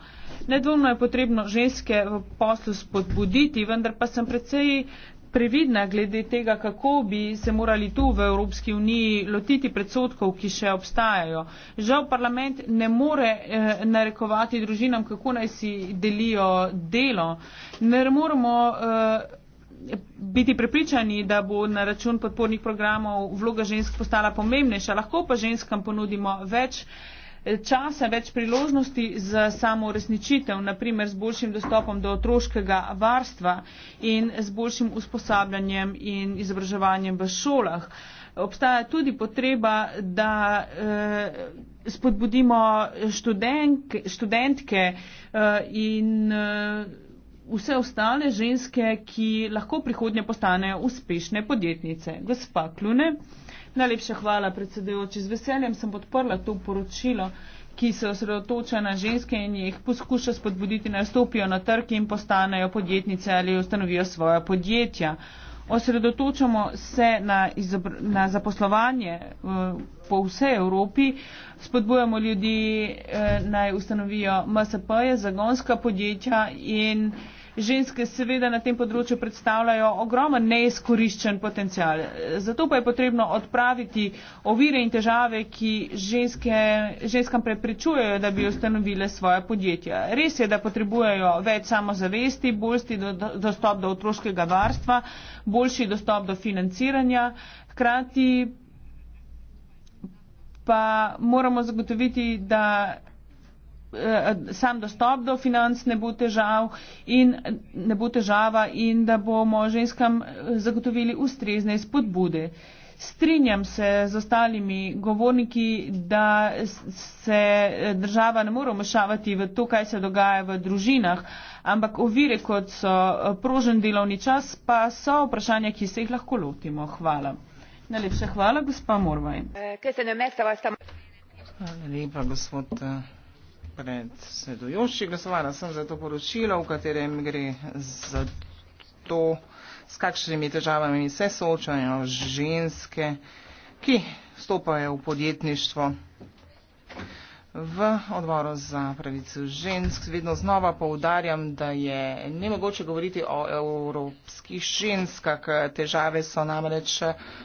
Nedvomno je potrebno ženske v poslu spodbuditi, vendar pa sem precej previdna glede tega, kako bi se morali tu v Evropski uniji lotiti predsotkov, ki še obstajajo. Žal parlament ne more eh, narekovati družinam, kako naj si delijo delo. Ne moremo. Eh, biti prepričani, da bo na račun podpornih programov vloga žensk postala pomembnejša. Lahko pa ženskam ponudimo več eh, časa, več priložnosti za samo uresničitev, naprimer z boljšim dostopom do otroškega varstva in z boljšim usposabljanjem in izobraževanjem v šolah. Obstaja tudi potreba, da eh, spodbudimo študentke, študentke eh, in eh, vse ostale ženske, ki lahko prihodnje postanejo uspešne podjetnice. Gospa Klune, najlepša hvala predsedujoči. Z veseljem sem podprla to poročilo, ki se osredotoča na ženske in jih poskuša spodbuditi, da stopijo na trg in postanejo podjetnice ali ustanovijo svoja podjetja. Osredotočamo se na, na zaposlovanje uh, po vsej Evropi, spodbujamo ljudi, uh, naj ustanovijo MSP-je, zagonska podjetja in uh, ženske seveda na tem področju predstavljajo ogromen neizkoriščen potencial. Zato pa je potrebno odpraviti ovire in težave, ki ženske, ženskam preprečujejo, da bi ustanovile svoje podjetja. Res je, da potrebujejo več samozavesti, boljši do, do, dostop do otroškega varstva, boljši dostop do financiranja, hkrati pa moramo zagotoviti, da Eh, sam dostop do financ ne bo težav in ne bo težava in da bomo ženskam eh, zagotovili ustrezne spodbude. Strinjam se z ostalimi govorniki, da se eh, država ne more vmešavati v to, kaj se dogaja v družinah, ampak ovire, kot so prožen delovni čas, pa so vprašanja, ki se jih lahko lotimo. Hvala. Najlepša hvala, gospa Morvaj. Hvala lepa, gospod predsedujoči. Glasovala sem za to poročilo, v katerem gre za to, s kakšnimi težavami se soočajo ženske, ki stopajo v podjetništvo. V odboru za pravice žensk vedno znova poudarjam, da je nemogoče govoriti o evropskih ženskah. Težave so namreč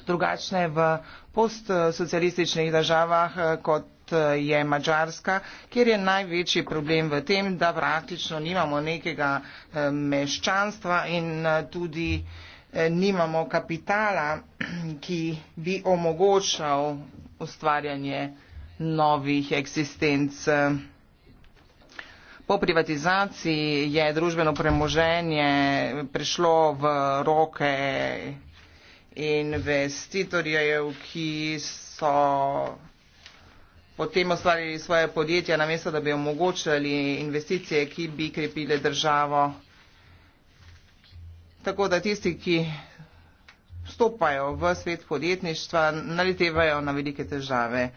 drugačne v postsocialističnih državah kot Eh, je Mačarska, kjer je največji problem v tem, da praktično nimamo nekega eh, meščanstva in eh, tudi nimamo kapitala, (clears throat) ki bi omogočal ustvarjanje novih eksistenc. Po privatizaciji je družbeno premoženje prišlo v roke investitorjev, ki so potem ustvarili svoje podjetja, namesto da bi omogočali investicije, ki bi krepile državo. Tako da tisti, ki vstopajo v svet podjetništva, nalitevajo na velike težave.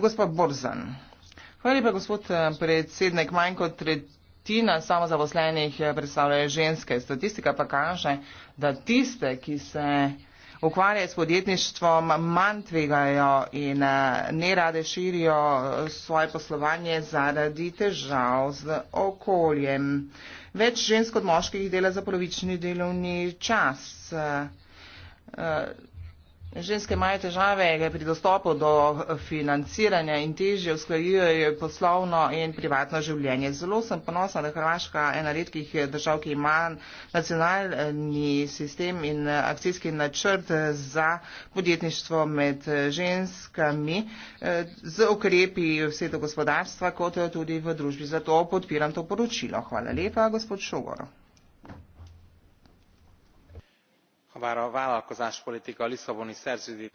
Gospod Borzan. Hvala lepa, gospod predsednik. Manj kot tretjina samozaposlenih eh, predstavljajo ženske. Statistika pa kaže, da tiste, ki se ukvarjajo s podjetništvom, manj tvegajo in eh, nerade širijo eh, svoje poslovanje zaradi težav z okoljem. Več žensk od moških dela za polovični delovni čas. Eh, Ženske imajo težave pri dostopu do financiranja in težje usklajujejo poslovno in privatno življenje. Zelo sem ponosna, da Hrvaška je ena redkih držav, ki ima nacionalni sistem in akcijski načrt za podjetništvo med ženskami eh, z ukrepi vse do gospodarstva, kot tudi v družbi. Zato podpiram to poročilo. Hvala lepa, gospod Šogoro. bár a vállalkozáspolitika a lisszaboni szerződés.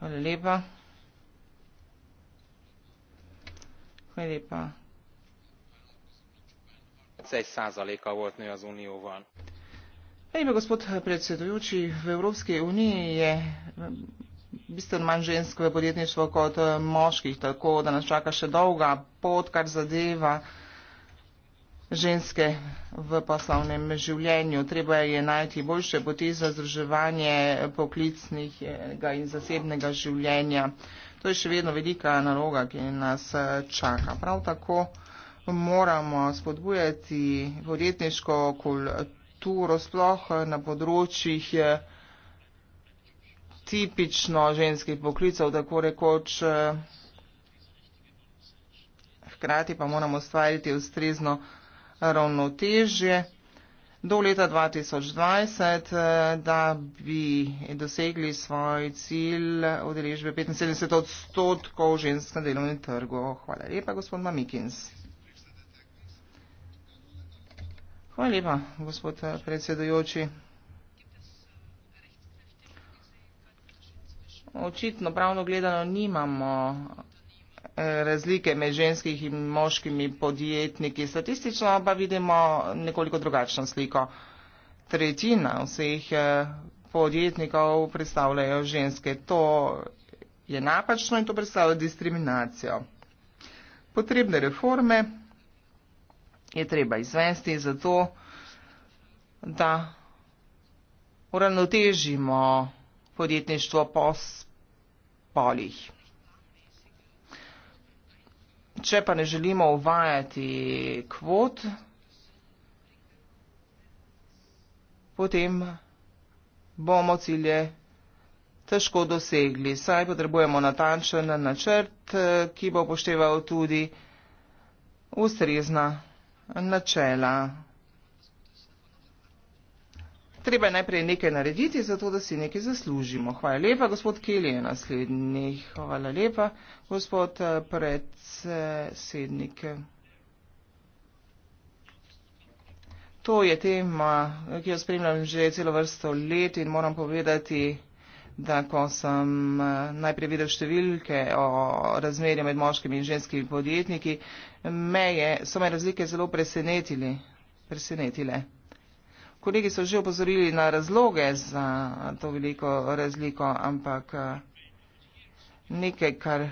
one a volt nő az unióban. Vejme gospod predsedujoči, v Evropski uniji je bistveno manj žensk v podjetništvu kot eh, moških, tako da nas čaka še dolga pot, kar zadeva uh, ženske v poslovnem življenju. Treba je najti boljše poti za združevanje poklicnih in zasebnega življenja. To je še vedno velika naloga, ki nas čaka. Prav tako moramo spodbujati podjetniško kulturo sploh na področjih eh, tipično ženskih poklicov, tako rekoč. Eh, hkrati pa moramo ustvariti ustrezno ravnotežje do leta 2020, eh, da bi dosegli svoj cilj odeležbe 75 odstotkov žensk na delovnem trgu. Hvala lepa, gospod Mamikins. Hvala lepa, gospod eh, predsedujoči. Očitno pravno gledano nimamo Eh, razlike med ženskih in moškimi podjetniki statistično, pa vidimo nekoliko drugačno sliko. Tretjina vseh eh, podjetnikov predstavljajo ženske. To je napačno in to predstavlja diskriminacijo. Potrebne reforme je treba izvesti zato, da uravnotežimo podjetništvo po spolih če pa ne želimo uvajati kvot, potem bomo cilje težko dosegli. Saj potrebujemo natančen načrt, ki bo pošteval tudi ustrezna načela. Treba je najprej nekaj narediti, zato da si nekaj zaslužimo. Hvala lepa, gospod Kelly je naslednji. Hvala lepa, gospod eh, predsednik. To je tema, ki jo spremljam že celo vrsto let in moram povedati, da ko sem eh, najprej videl številke o razmerju med moškimi in ženskimi podjetniki, me je, so me razlike zelo presenetile. Kolegi so že opozorili na razloge za to veliko razliko, ampak eh, nekaj, kar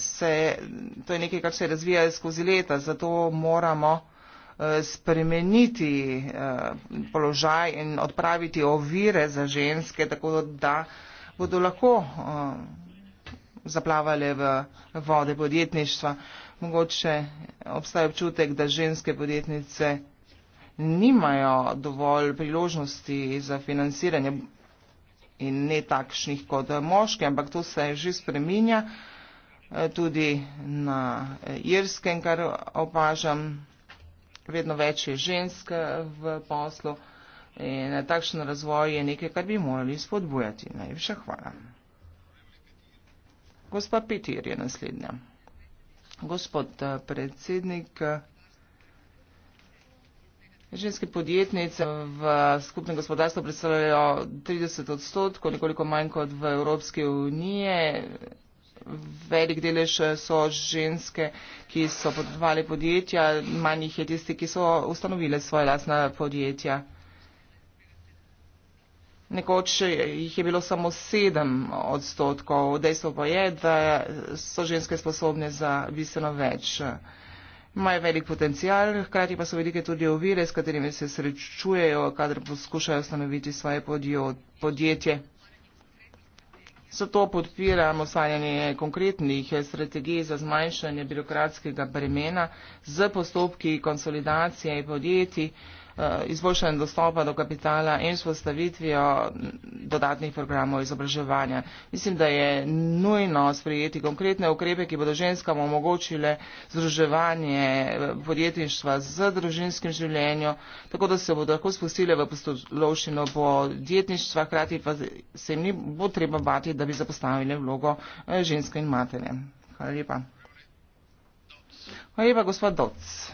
se, to je nekaj, kar se razvija skozi leta, zato moramo eh, spremeniti eh, položaj in odpraviti ovire za ženske, tako da bodo lahko zaplavale v vode podjetništva. Mogoče obstaja občutek, da ženske podjetnice nimajo dovolj priložnosti za financiranje in ne takšnih kot moški, ampak to se že spreminja eh, tudi na eh, Irskem, kar opažam, vedno več je žensk eh, v poslu in takšen razvoj je nekaj, kar bi morali spodbujati. Najlepša hvala. Gospa Petir je naslednja. Gospod predsednik. Ženske podjetnice v skupnem gospodarstvu predstavljajo 30 odstotkov, nekoliko manj kot v Evropski uniji. Velik delež eh, so ženske, ki so podvali podjetja, manj jih je tisti, ki so ustanovile svoje lasna podjetja. Nekoč eh, jih je bilo samo sedem odstotkov, dejstvo pa je, da so ženske sposobne za bistveno več imajo velik potencial, hkrati pa so velike tudi ovire, s katerimi se srečujejo, kadar poskušajo ustanoviti svoje podjo, podjetje. Zato podpiramo ustvarjanje konkretnih strategij za zmanjšanje birokratskega bremena z postopki konsolidacije podjetij. Eh, izboljšanjem dostopa do kapitala in vzpostavitvijo dodatnih programov izobraževanja. Mislim, da je nujno sprejeti konkretne ukrepe, ki bodo ženskam omogočile združevanje eh, podjetništva z družinskim življenjem, tako da se bodo lahko spustile v postoločino podjetništva, hkrati pa se jim ni bo treba bati, da bi zapostavile vlogo eh, ženske in matere. Hvala lepa. Hvala lepa, gospod Doc.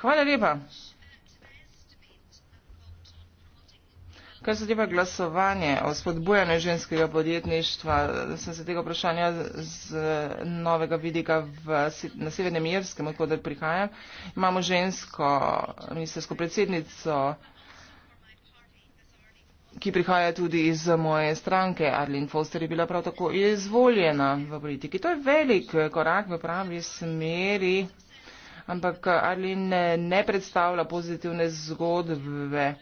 Hvala lepa. Kar se tiče glasovanja o spodbujanju ženskega podjetništva, sem se tega vprašanja z novega vidika v, na Severnem Jerskem, odkuder prihajam. Imamo žensko ministersko predsednico, ki prihaja tudi iz moje stranke. Arlene Foster je bila prav tako izvoljena v politiki. To je velik korak v pravi smeri ampak ali ne, ne predstavlja pozitivne zgodbe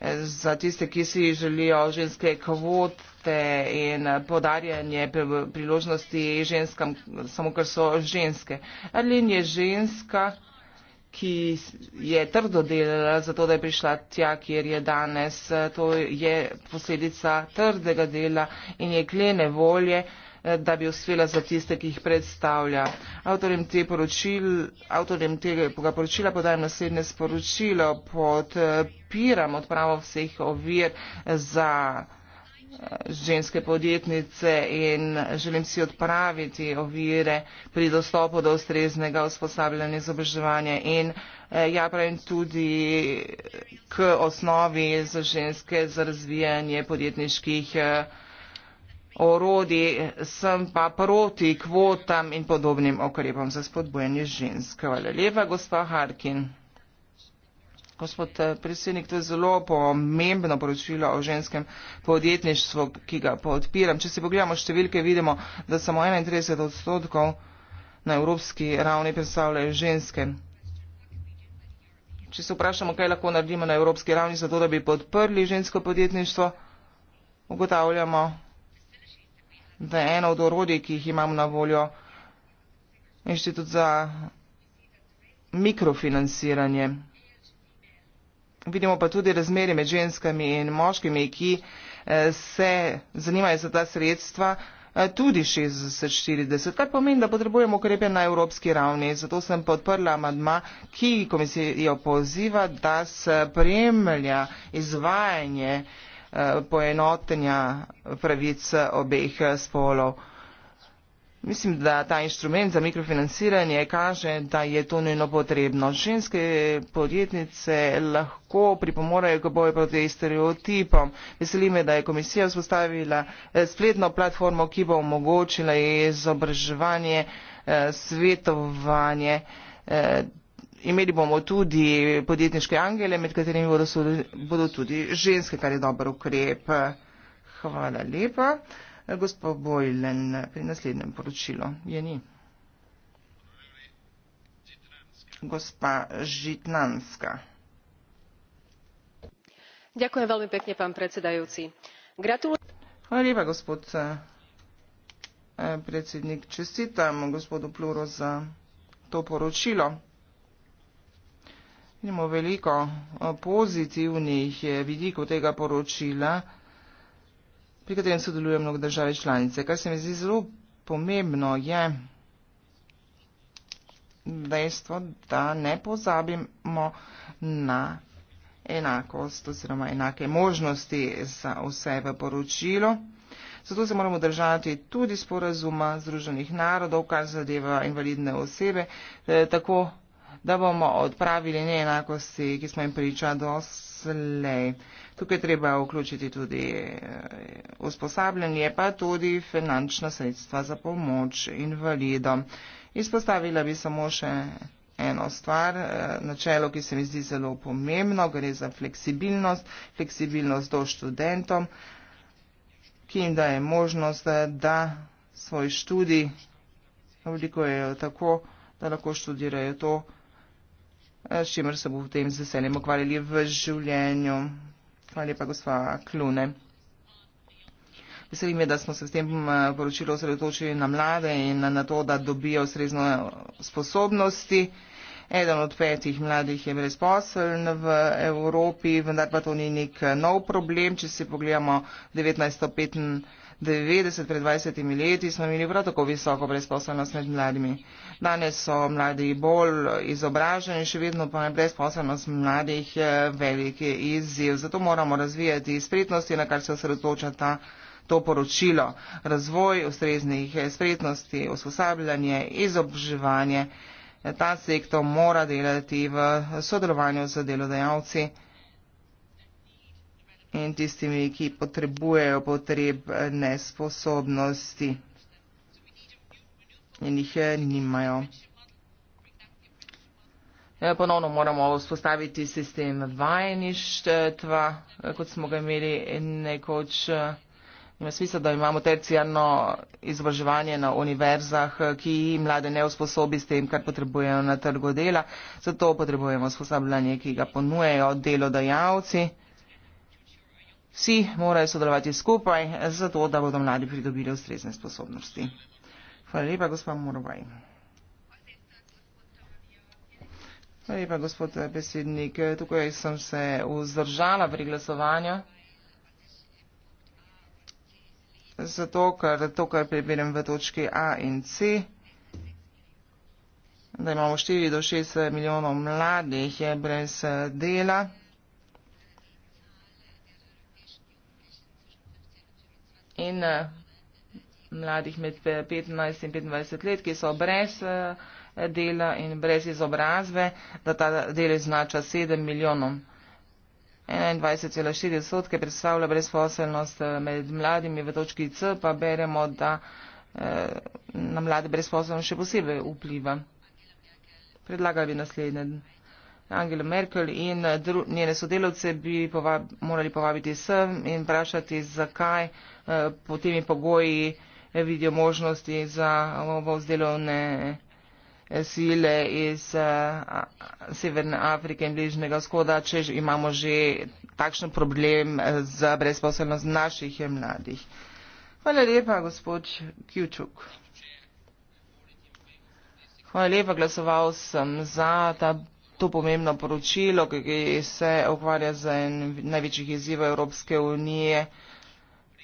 eh, za tiste, ki si želijo ženske kvote in podarjanje priložnosti ženskam, samo ker so ženske. Alin je ženska, ki je trdo delala, zato da je prišla tja, kjer je danes. To je posledica trdega dela in je klene volje. Uh, da bi uspela za tiste, ki jih predstavlja. Avtorjem, te poročil, avtorjem tega poročila podajam naslednje sporočilo. Podpiram odpravo vseh ovir za eh, ženske podjetnice in želim si odpraviti ovire pri dostopu do ustreznega usposabljanja izobraževanja in eh, ja pravim tudi k osnovi za ženske za razvijanje podjetniških uh, orodij, sem pa proti kvotam in podobnim okrepom za spodbojanje žensk. Hvala lepa, gospa Harkin. Gospod eh, predsednik, to je zelo pomembno poročilo o ženskem podjetništvu, ki ga podpiram. Če si pogledamo številke, vidimo, da samo 31 odstotkov na evropski ravni predstavljajo ženske. Če se vprašamo, kaj lahko naredimo na evropski ravni, zato da bi podprli žensko podjetništvo, ugotavljamo, da je eno od orodij, ki jih imam na voljo, inštitut za mikrofinanciranje. Vidimo pa tudi razmeri med ženskami in moškimi, ki eh, se zanimajo za ta sredstva, eh, tudi 640, kar pomeni, da potrebujemo ukrepe na evropski ravni. Zato sem podprla amadma, ki komisijo poziva, da se prijemlja izvajanje Eh, poenotenja pravic eh, obeh eh, spolov. Mislim, da ta inštrument za mikrofinanciranje kaže, da je to nujno potrebno. Ženske podjetnice lahko pripomorejo k boju proti stereotipom. Veseli me, da je komisija vzpostavila spletno platformo, ki bo omogočila izobraževanje, svetovanje Imeli bomo tudi podjetniške angele, med katerimi bodo, so, bodo tudi ženske, kar je dober ukrep. Hvala lepa. Gospod Bojlen, pri naslednjem poročilu je ni. Gospa Žitnanska. Ďakujem veľmi pekne, pán predsedajúci. Gratulujem. Hvala lepa, gospod eh, predsednik. Čestitam gospodu Pluro za to poročilo. Vidimo veliko eh, pozitivnih eh, vidikov tega poročila, pri katerem sodelujejo mnogo države članice. Kar se mi zdi zelo pomembno je dejstvo, da ne pozabimo na enakost oziroma enake možnosti za vse v poročilu. Zato se moramo držati tudi sporazuma Združenih narodov, kar zadeva invalidne osebe, eh, tako da bomo odpravili neenakosti, ki smo jim priča doslej. Tukaj treba vključiti tudi eh, usposabljanje, pa tudi finančna sredstva za pomoč invalidom. Izpostavila bi samo še eno stvar, eh, načelo, ki se mi zdi zelo pomembno, gre za fleksibilnost, fleksibilnost do študentom, ki jim daje možnost, da svoj študij oblikujejo tako, da lahko študirajo to, Eh, s čimer se bo potem z veseljem ukvarjali v življenju. Hvala lepa, gospa Klune. Veselim je, da smo se v tem eh, poročilu osredotočili na mlade in na to, da dobijo srezno eh, sposobnosti. Eden od petih mladih je brezposeln v Evropi, vendar pa to ni nek eh, nov problem. Če si pogledamo 1995, pred 20 leti, smo imeli prav tako visoko brezposelnost med mladimi. Danes so mladi bolj eh, izobraženi, še vedno pa je brezposelnost mladih eh, velik izziv. Zato moramo razvijati spretnosti, na kar se osredotoča ta. To poročilo, razvoj ustreznih spretnosti, usposabljanje, izobraževanje ta sektor mora delati v sodelovanju z delodajalci in tistimi, ki potrebujejo potreb nesposobnosti in jih eh, nimajo. Eh, ponovno moramo vzpostaviti sistem vajeništva, eh, kot smo ga imeli nekoč vajeništva. Ima smisel, da imamo tercijarno izobraževanje na univerzah, ki mlade ne usposobi s tem, kar potrebujejo na trgu dela. Zato potrebujemo usposabljanje, ki ga ponujejo delodajalci. Vsi morajo sodelovati skupaj, zato da bodo mladi pridobili ustrezne sposobnosti. Hvala lepa, gospa Morovaj. Hvala lepa, gospod besednik. Eh, eh, tukaj sem se vzdržala pri glasovanju zato ker to, kar preberem v točki A in C, da imamo 4 do 6 milijonov mladih je brez eh, dela. In eh, mladih med 15 eh, in 25 let, ki so brez dela in brez izobrazbe, da ta del znača 7 milijonov. 21,4 odstotke predstavlja brezposelnost eh, med mladimi v točki C, pa beremo, da eh, na mlade brezposelnost še posebej vpliva. Predlagali bi naslednje. Angela Merkel in eh, njene sodelovce bi morali povabiti sem in vprašati, zakaj po temi pogoji vidijo možnosti za vozdelovne pogoje sile iz uh, Severne Afrike in Bližnjega vzhoda, če imamo že takšen problem eh, z brezposelnost naših eh, mladih. Hvala lepa, gospod Kjučuk. Hvala lepa, glasoval sem za ta, to pomembno poročilo, ki se ukvarja z največjih izzivov Evropske unije.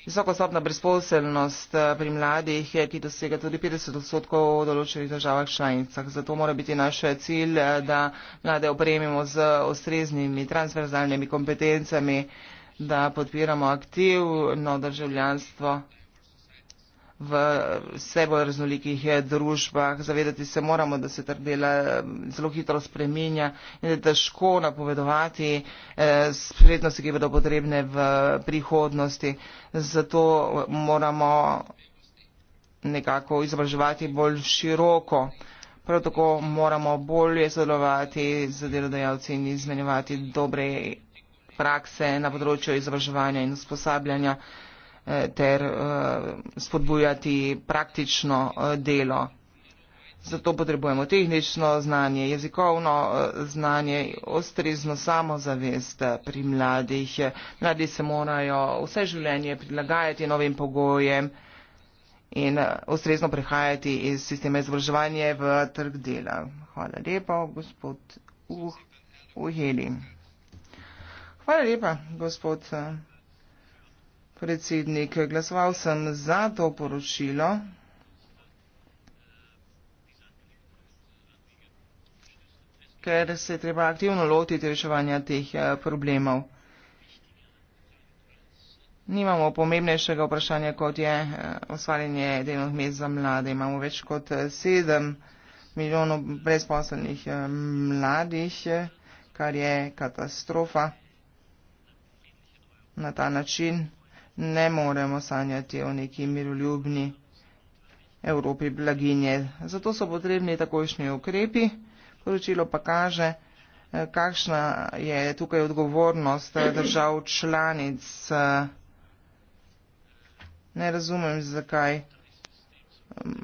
Visoka stopna brezposelnost eh, pri mladih je, ki dosega tudi 50 odstotkov v določenih državah članicah. Zato mora biti naš eh, cilj, eh, da mlade opremimo z ustreznimi transverzalnimi kompetencami, da podpiramo aktivno državljanstvo v vse bolj raznolikih eh, družbah. Zavedati se moramo, da se trg dela eh, zelo hitro spreminja in da je težko napovedovati eh, prednosti, ki bodo potrebne v prihodnosti. Zato moramo nekako izobraževati bolj široko. Prav tako moramo bolje sodelovati z delodajalci in izmenjevati dobre prakse na področju izobraževanja in usposabljanja ter eh, spodbujati praktično eh, delo. Zato potrebujemo tehnično znanje, jezikovno eh, znanje, ostrizno samozavest pri mladih. Mladi se morajo vse življenje prilagajati novim pogojem in ostrezno prehajati iz sistema izobraževanja v trg dela. Hvala lepa, gospod Uheli. Uh, Hvala lepa, gospod. Uh, predsednik, glasoval sem za to poročilo. ker se je treba aktivno lotiti reševanja teh eh, problemov. Nimamo pomembnejšega vprašanja, kot je osvarjanje eh, delovnih mest za mlade. Imamo več kot 7 eh, milijonov brezposelnih mladih, kar je katastrofa. Na ta način ne moremo sanjati o neki miroljubni Evropi blaginje. Zato so potrebni takošnji ukrepi. Poročilo pa kaže, eh, kakšna je tukaj odgovornost eh, držav članic. Eh, ne razumem, zakaj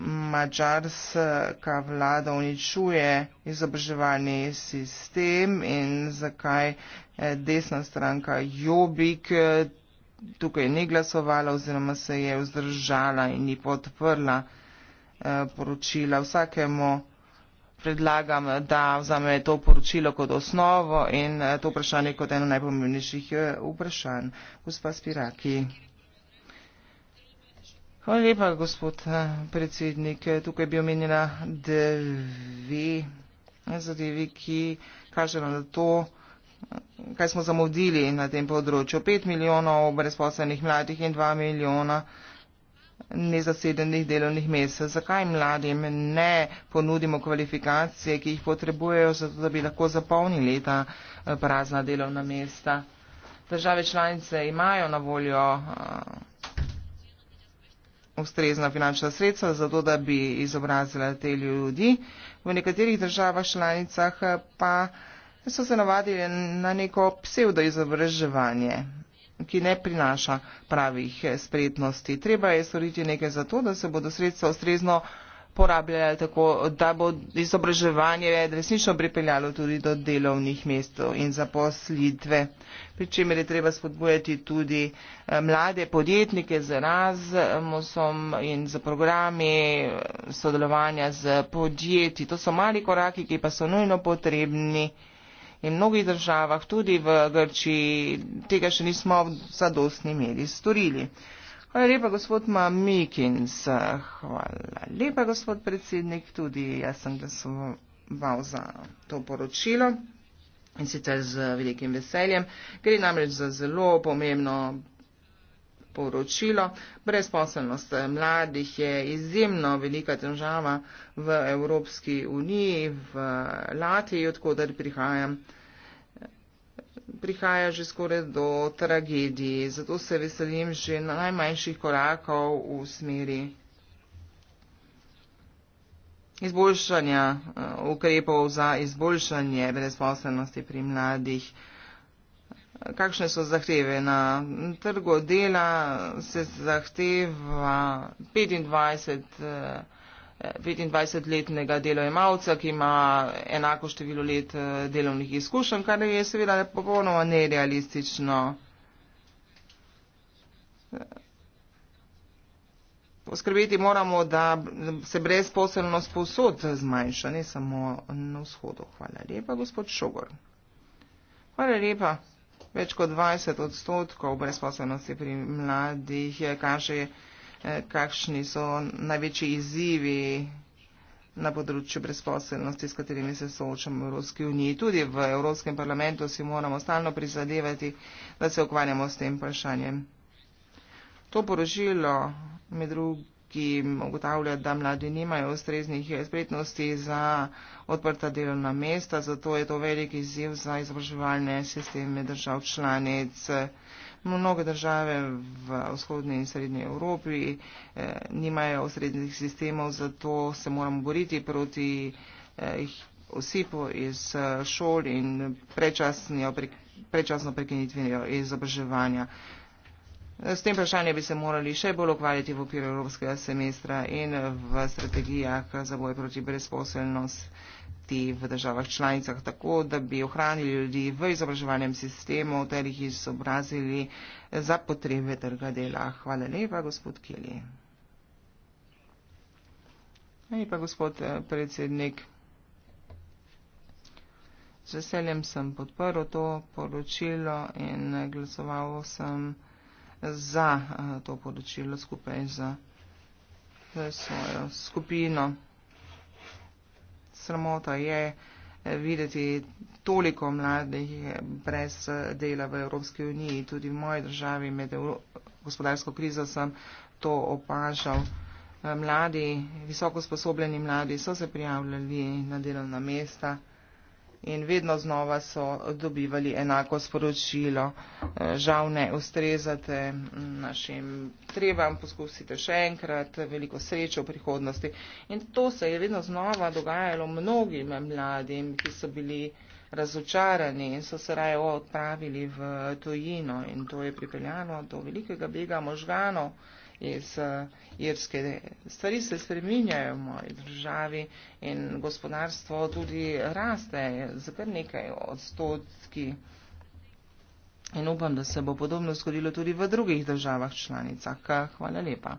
mačarska vlada uničuje izobraževalni sistem in zakaj desna stranka Jobik tukaj ne glasovala oziroma se je vzdržala in ni podprla eh, poročila. Vsakemu predlagam, da vzame to poročilo kot osnovo in eh, to vprašanje kot eno najpomembnejših eh, vprašanj. Gospa Spiraki. Hvala lepa, gospod predsednik. Tukaj bi omenila dve zadevi, ki kažejo na to, kaj smo zamudili na tem področju. 5 milijonov brezposlenih mladih in 2 milijona nezasedenih delovnih mest. Zakaj mladim ne ponudimo kvalifikacije, ki jih potrebujejo, zato da bi lahko zapolnili ta eh, prazna delovna mesta? Države članice imajo na voljo eh, ustrezna finančna sredstva, zato da bi izobrazila te ljudi. V nekaterih državah članicah pa so se navadili na neko pseudoizobraževanje, ki ne prinaša pravih spretnosti. Treba je storiti nekaj za to, da se bodo sredstva ustrezno porabljali tako, da bo izobraževanje resnično pripeljalo tudi do delovnih mest in zaposlitve. Pričemer je treba spodbujati tudi eh, mlade podjetnike z Erasmusom in z programi eh, sodelovanja z podjetji. To so mali koraki, ki pa so nujno potrebni in mnogih državah, tudi v Grčiji, tega še nismo v zadostni meri storili. Hvala lepa, gospod Mamikins. Hvala lepa, gospod predsednik. Tudi jaz sem glasoval za to poročilo in sicer z velikim veseljem, ker je namreč za zelo pomembno poročilo. Brezposelnost mladih je izjemno velika težava v Evropski uniji, v Latiji, odkudar prihajam. Prihaja že skoraj do tragedije, zato se veselim že na najmanjših korakov v smeri izboljšanja eh, ukrepov za izboljšanje brezposelnosti pri mladih kakšne so zahteve. Na trgu dela se zahteva 25, 25-letnega eh, delojemalca, ki ima enako število let eh, delovnih izkušenj, kar je seveda popolnoma nerealistično. Poskrbeti moramo, da se brezposelnost povsod zmanjša, ne samo na vzhodu. Hvala lepa, gospod Šogor. Hvala lepa. Več kot 20 odstotkov brezposobnosti pri mladih kaže, eh, kakšni so največji izzivi na področju brezposobnosti, s katerimi se soočamo v Evropski uniji. Tudi v Evropskem parlamentu si moramo stalno prizadevati, da se ukvarjamo s tem vprašanjem. To poročilo med drugim ki ugotavlja, da mladi nimajo ustreznih spretnosti za odprta delovna mesta, zato je to velik izziv za izobraževalne sisteme držav članic. Mnoge države v vzhodni in srednji Evropi eh, nimajo ustreznih sistemov, zato se moramo boriti proti eh, osipu iz eh, šol in prečasno prekinitvijo izobraževanja. S tem vprašanjem bi se morali še bolj ukvarjati v okviru evropskega semestra in v strategijah za boj proti brezposelnosti v državah članicah, tako da bi ohranili ljudi v izobraževalnem sistemu ter jih izobrazili za potrebe trga dela. Hvala lepa, gospod Kili. Hvala lepa, gospod eh, predsednik. Z veseljem sem podprl to poročilo in glasoval sem za eh, to poročilo skupaj za eh, svojo skupino. Sramota je eh, videti toliko mladih brez dela v Evropski uniji, tudi v moji državi med gospodarsko krizo sem to opažal. Mladi, visoko sposobljeni mladi so se prijavljali na delovna mesta in vedno znova so dobivali enako sporočilo. Eh, žal ne ustrezate mm, našim trebam, poskusite še enkrat, veliko sreče v prihodnosti. In to se je vedno znova dogajalo mnogim mladim, ki so bili razočarani in so se raje odpravili v tujino in to je pripeljalo do velikega bega možganov iz uh, Irske. Stvari se spreminjajo v moji državi in gospodarstvo tudi raste za kar nekaj odstotki. In upam, da se bo podobno zgodilo tudi v drugih državah članicah. Hvala lepa.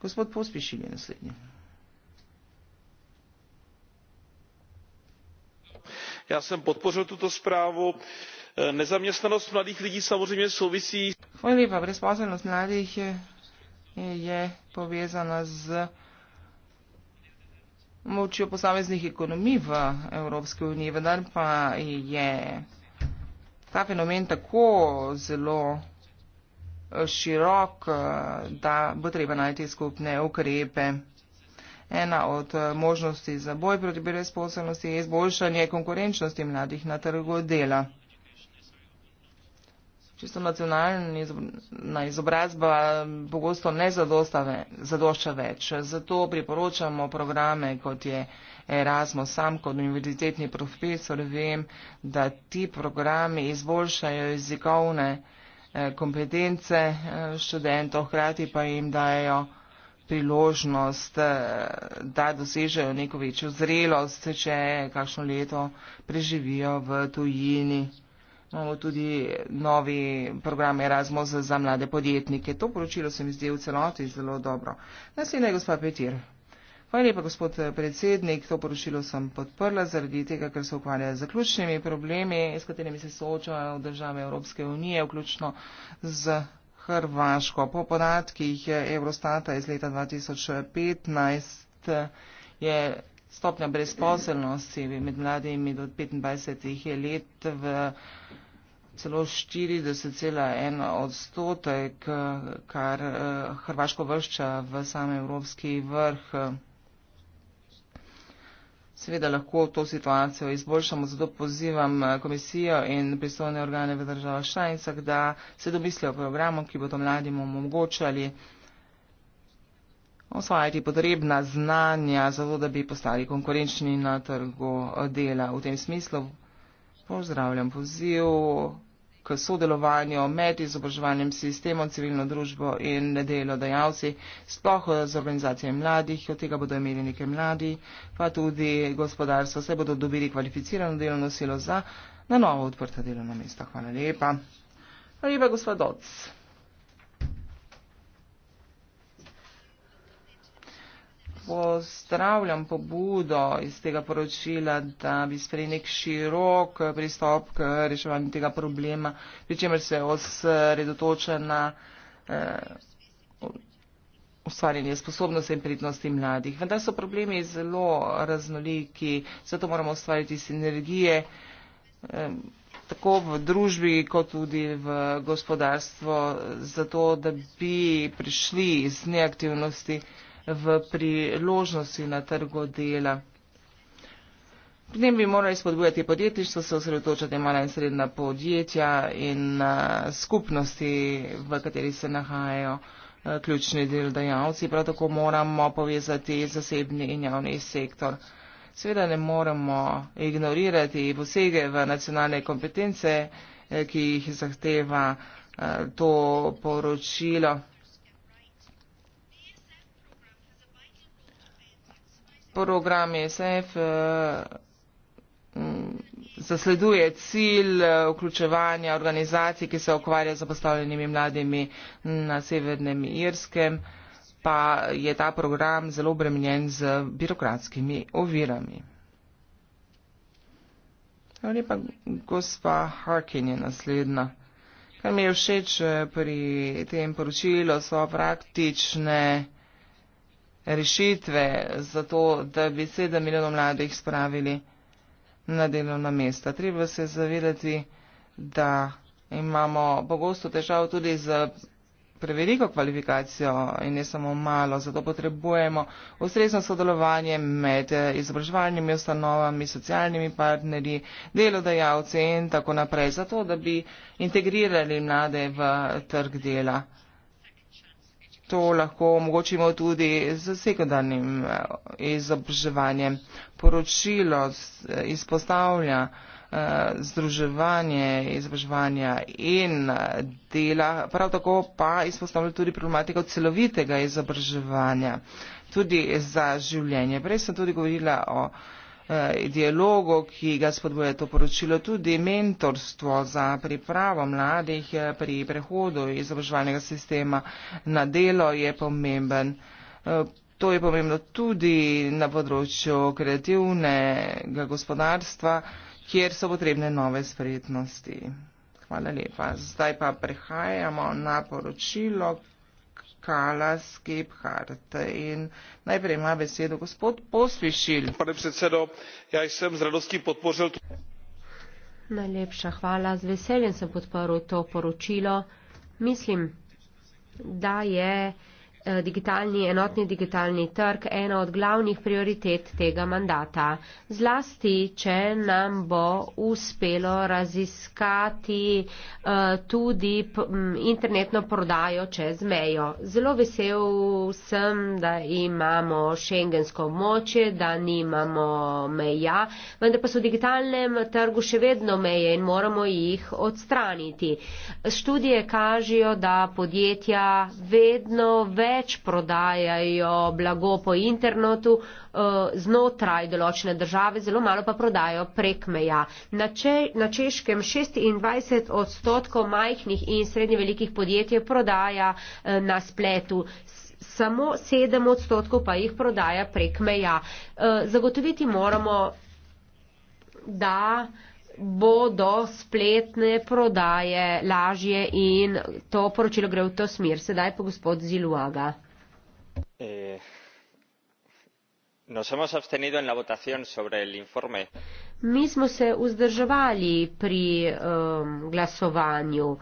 Gospod Pospišil je naslednji. Já jsem podpořil tuto zprávu. Nezaměstnanost mladých lidí samozřejmě souvisí. Hvala lepa. Brezposelnost mladih je, je, je povezana z močjo posameznih ekonomij v Evropski uniji, vendar pa je ta fenomen tako zelo eh, širok, eh, da bo treba najti skupne ukrepe. Ena od eh, možnosti za boj proti brezposelnosti je izboljšanje konkurenčnosti mladih na trgu dela čisto nacionalna izobrazba pogosto ne zadošča več. Zato priporočamo programe, kot je Erasmus. Sam kot univerzitetni profesor vem, da ti programi izboljšajo jezikovne eh, kompetence eh, študentov, hkrati pa jim dajo priložnost, eh, da dosežejo neko večjo zrelost, če kakšno leto preživijo v tujini imamo tudi novi program Erasmus za mlade podjetnike. To poročilo se mi zdi v celoti zelo dobro. Naslednja je gospod Petir. Hvala lepa, gospod predsednik. To poročilo sem podprla zaradi tega, ker se ukvarja z zaključnimi problemi, s katerimi se soočajo države Evropske unije, vključno z. Hrvaško. Po podatkih Eurostata iz leta 2015 je stopnja brezposelnosti med mladimi do 25 let v celo 40,1 odstotek, kar eh, Hrvaško vršča v sam evropski vrh. Seveda lahko to situacijo izboljšamo, zato pozivam eh, komisijo in pristojne organe v državah članicah, da se domislijo programom, ki bodo mladim omogočali osvajati potrebna znanja, zato da bi postali konkurenčni na trgu dela. V tem smislu pozdravljam poziv k sodelovanju med izobraževanjem sistemom, civilno družbo in delodajalci, sploh z organizacijami mladih, od tega bodo imeli nekaj mladi, pa tudi gospodarstvo, se bodo dobili kvalificirano delovno silo za na novo odprta delovna mesta. Hvala lepa. Hvala lepa, gospod Doc. pozdravljam pobudo iz tega poročila, da bi sprejeli nek širok pristop k reševanju tega problema, pri čemer se osredotoča na eh, ustvarjanje sposobnosti in pridnosti mladih. Vendar so problemi zelo raznoliki, zato moramo ustvariti sinergije eh, tako v družbi kot tudi v gospodarstvo, zato da bi prišli iz neaktivnosti eh, v priložnosti na trgu dela. Pri tem bi morali spodbujati podjetništvo, se osredotočati mala in srednja podjetja in skupnosti, v kateri se nahajajo ključni delodajalci. Prav tako moramo povezati zasebni in javni sektor. Seveda ne moramo ignorirati posege v nacionalne kompetence, ki jih zahteva to poročilo. program ESF eh, mm, zasleduje cilj eh, vključevanja organizacij, ki se ukvarja z zapostavljenimi mladimi na Severnem Irskem, pa je ta program zelo obremenjen z birokratskimi ovirami. Ali pa gospa Harkin je naslednja. Kar mi je všeč eh, pri tem poročilu, so praktične rešitve za to, da bi sedem milijonov mladih spravili na delovna mesta. Treba se zavedati, da imamo pogosto težav tudi z preveliko kvalifikacijo in ne samo malo, zato potrebujemo ustrezno sodelovanje med eh, izobraževalnimi ustanovami, socialnimi partnerji, delodajalci in tako naprej, zato da bi integrirali mlade v trg dela to lahko omogočimo tudi z sekundarnim eh, izobraževanjem. Poročilo eh, izpostavlja eh, združevanje izobraževanja in dela, prav tako pa izpostavlja tudi problematiko celovitega izobraževanja, tudi za življenje. Prej sem tudi govorila o Eh, dialogu, ki ga spodbuje to poročilo, tudi mentorstvo za pripravo mladih eh, pri prehodu iz obožvalnega sistema na delo je pomemben. Eh, to je pomembno tudi na področju kreativnega gospodarstva, kjer so potrebne nove spretnosti. Hvala lepa. Zdaj pa prehajamo na poročilo, Kalas Gebhardt in najprej ima besedo gospod Posvišil. Pane predsedo, ja sem z radostjo podporil. Najlepša hvala, z veseljem sem podporil to poročilo. Mislim, da je Eh, digitalni, enotni digitalni trg ena od glavnih prioritet tega mandata. Zlasti, če nam bo uspelo raziskati uh, tudi internetno prodajo čez mejo. Zelo vesel sem, da imamo šengensko moče, da nimamo meja, vendar pa so v digitalnem trgu še vedno meje in moramo jih odstraniti. Študije kažijo, da podjetja vedno več več prodajajo blago po internetu eh, znotraj določene države, zelo malo pa prodajo prek meja. Na, če, na Češkem 26 odstotkov majhnih in srednje velikih podjetij prodaja eh, na spletu. Samo 7 odstotkov pa jih prodaja prek meja. Eh, zagotoviti moramo, da bodo spletne prodaje lažje in to poročilo gre v to smer. Sedaj pa gospod Ziluaga. Eh. Mi smo se vzdrževali pri um, glasovanju. Uh,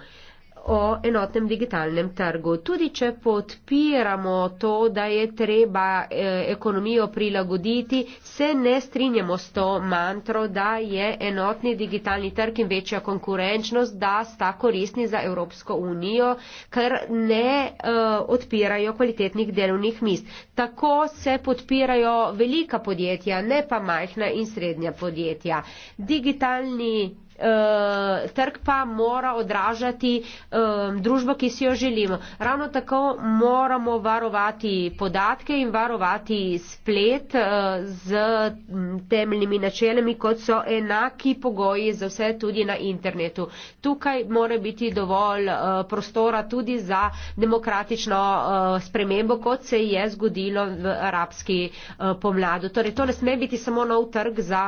o enotnem digitalnem trgu. Tudi če podpiramo to, da je treba eh, ekonomijo prilagoditi, se ne strinjamo s to mantro, da je enotni digitalni trg in večja konkurenčnost, da sta korisni za Evropsko unijo, ker ne eh, odpirajo kvalitetnih delovnih mest. Tako se podpirajo velika podjetja, ne pa majhna in srednja podjetja. Digitalni Eh, trg pa mora odražati eh, družbo, ki si jo želimo. Ravno tako moramo varovati podatke in varovati splet eh, z temeljnimi načelami, kot so enaki pogoji za vse tudi na internetu. Tukaj mora biti dovolj prostora tudi za demokratično spremembo, kot se je zgodilo v arabski pomladu. Torej, to ne sme biti samo nov trg za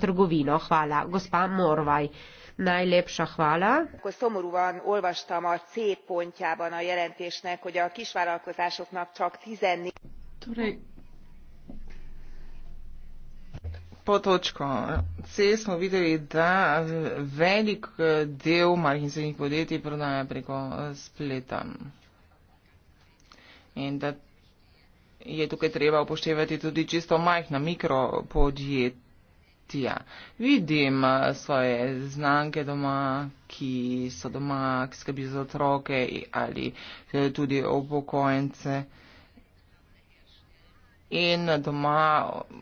trgovino. Hvala. Gospa Morva tavaly. Najlepša hvala. Akkor szomorúan olvastam a C pontjában a jelentésnek, hogy a kisvállalkozásoknak csak 14... Torej, po točko C smo videli, da velik eh, del malih in srednjih podjetij prodaja preko eh, spleta. In da je tukaj treba upoštevati tudi čisto majhna mikropodjetja ti ja. Vidim eh, svoje znanke doma, ki so doma, ki skrbijo za otroke ali eh, tudi upokojence. In doma eh,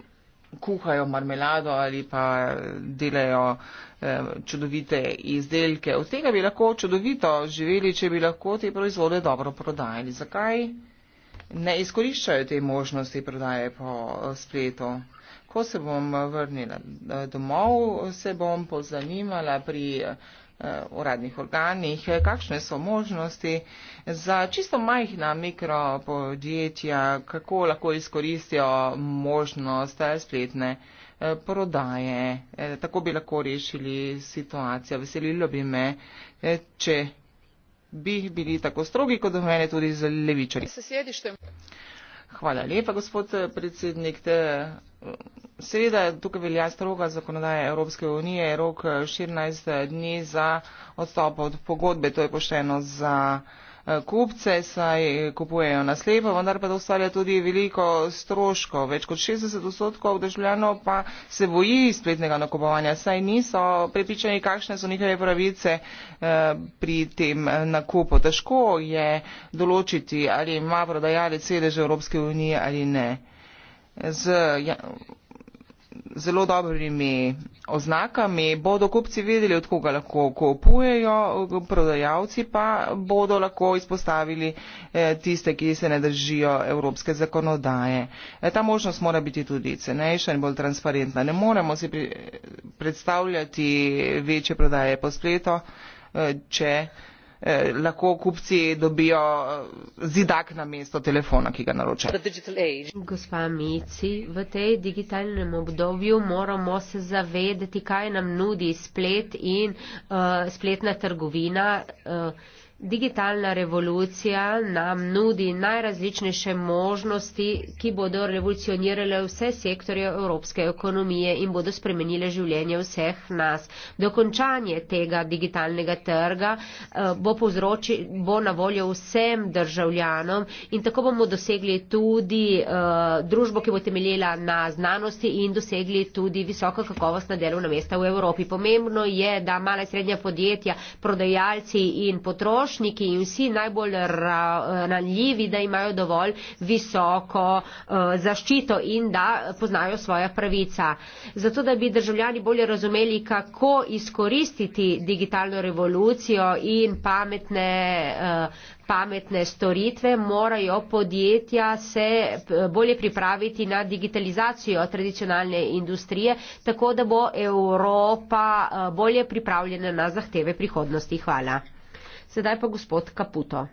kuhajo marmelado ali pa delajo čudovite izdelke. Od tega bi lahko čudovito živeli, če bi lahko te proizvode dobro prodajali. Zakaj ne izkoriščajo te možnosti prodaje po spletu? ko se bom eh, vrnila eh, domov, se bom pozanimala pri eh, uradnih organih, kakšne so možnosti za čisto majhna mikropodjetja, kako lahko izkoristijo možnost spletne prodaje. Tako bi lahko rešili situacijo. Veselilo bi me, če bi bili tako strogi kot do mene tudi z levičarji. Hvala lepa, gospod eh, predsednik. Eh, seveda, tukaj velja stroga zakonodaja Evropske unije, rok 14 eh, dni za odstop od pogodbe, to je pošteno za kupce, saj kupujejo naslepo, vendar pa dostavlja tudi veliko stroškov. Več kot 60 odstotkov državljanov pa se boji spletnega nakupovanja, saj niso prepričani, kakšne so njihove pravice eh, pri tem eh, nakupu. Težko je določiti, ali ima prodajalec sedež v Evropski uniji ali ne. Z, ja, zelo dobrimi oznakami, bodo kupci vedeli, od koga lahko kupujejo, prodajalci pa bodo lahko izpostavili eh, tiste, ki se ne držijo evropske zakonodaje. Eh, ta možnost mora biti tudi cenejša in bolj transparentna. Ne moremo si eh, predstavljati večje prodaje po spletu, če Eh, lahko kupci dobijo eh, zidak na mesto telefona, ki ga naročajo. Gospa Mici, v tej digitalnem obdobju moramo se zavedati, kaj nam nudi splet in uh, spletna trgovina. Uh, Digitalna revolucija nam nudi najrazličnejše možnosti, ki bodo revolucionirale vse sektorje evropske ekonomije in bodo spremenile življenje vseh nas. Dokončanje tega digitalnega trga eh, bo, povzroči, bo na voljo vsem državljanom in tako bomo dosegli tudi eh, družbo, ki bo temeljila na znanosti in dosegli tudi visoka kakovostna delovna mesta v Evropi. Pomembno je, da mala in srednja podjetja, prodajalci in potrošniki, potrošniki in vsi najbolj eh, ranljivi, da imajo dovolj visoko eh, zaščito in da poznajo svoja pravica. Zato, da bi državljani bolje razumeli, kako izkoristiti digitalno revolucijo in pametne eh, pametne storitve, morajo podjetja se bolje pripraviti na digitalizacijo tradicionalne industrije, tako da bo Evropa bolje pripravljena na zahteve prihodnosti. Hvala. Sedaj pa gospod Kaputo.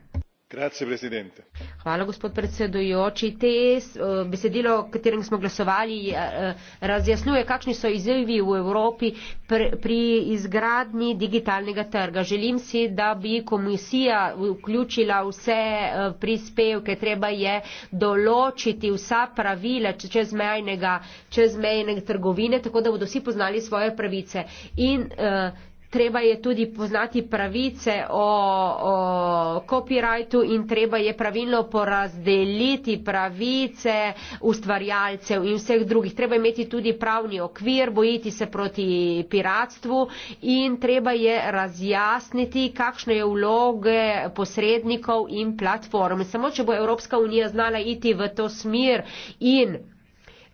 Hvala, gospod predsedujoči. Te eh, besedilo, o katerem smo glasovali, eh, eh, razjasnjuje, kakšni so izzivi v Evropi pri izgradnji digitalnega trga. Želim si, da bi komisija vključila vse prispevke. Treba je določiti vsa pravila čezmejnega, čezmejnega trgovine, tako da bodo vsi poznali svoje pravice. In, treba je tudi poznati pravice o, o copyrightu in treba je pravilno porazdeliti pravice ustvarjalcev in vseh drugih. Treba je imeti tudi pravni okvir, bojiti se proti piratstvu in treba je razjasniti, kakšne je vloge posrednikov in platform. Samo če bo Evropska unija znala iti v to smer in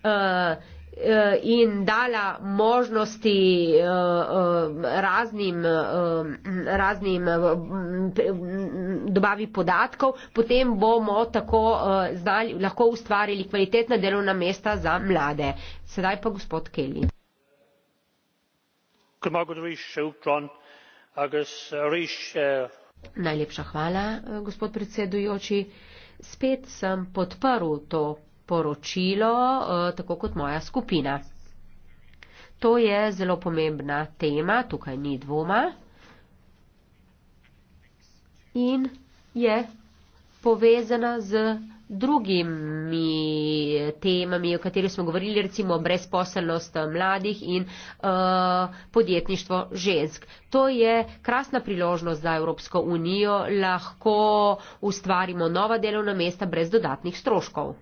uh, Eh, in dala možnosti eh, eh, raznim, raznim dobavi podatkov, potem bomo tako znali, lahko ustvarili kvalitetna delovna mesta za mlade. Sedaj pa gospod Kelly. Najlepša hvala, gospod predsedujoči. Spet sem podprl to poročilo, eh, tako kot moja skupina. To je zelo pomembna tema, tukaj ni dvoma. In je povezana z drugimi temami, o kateri smo govorili, recimo brezposelnost eh, mladih in uh, podjetništvo žensk. To je krasna priložnost za Evropsko unijo, lahko ustvarimo nova delovna mesta brez dodatnih stroškov.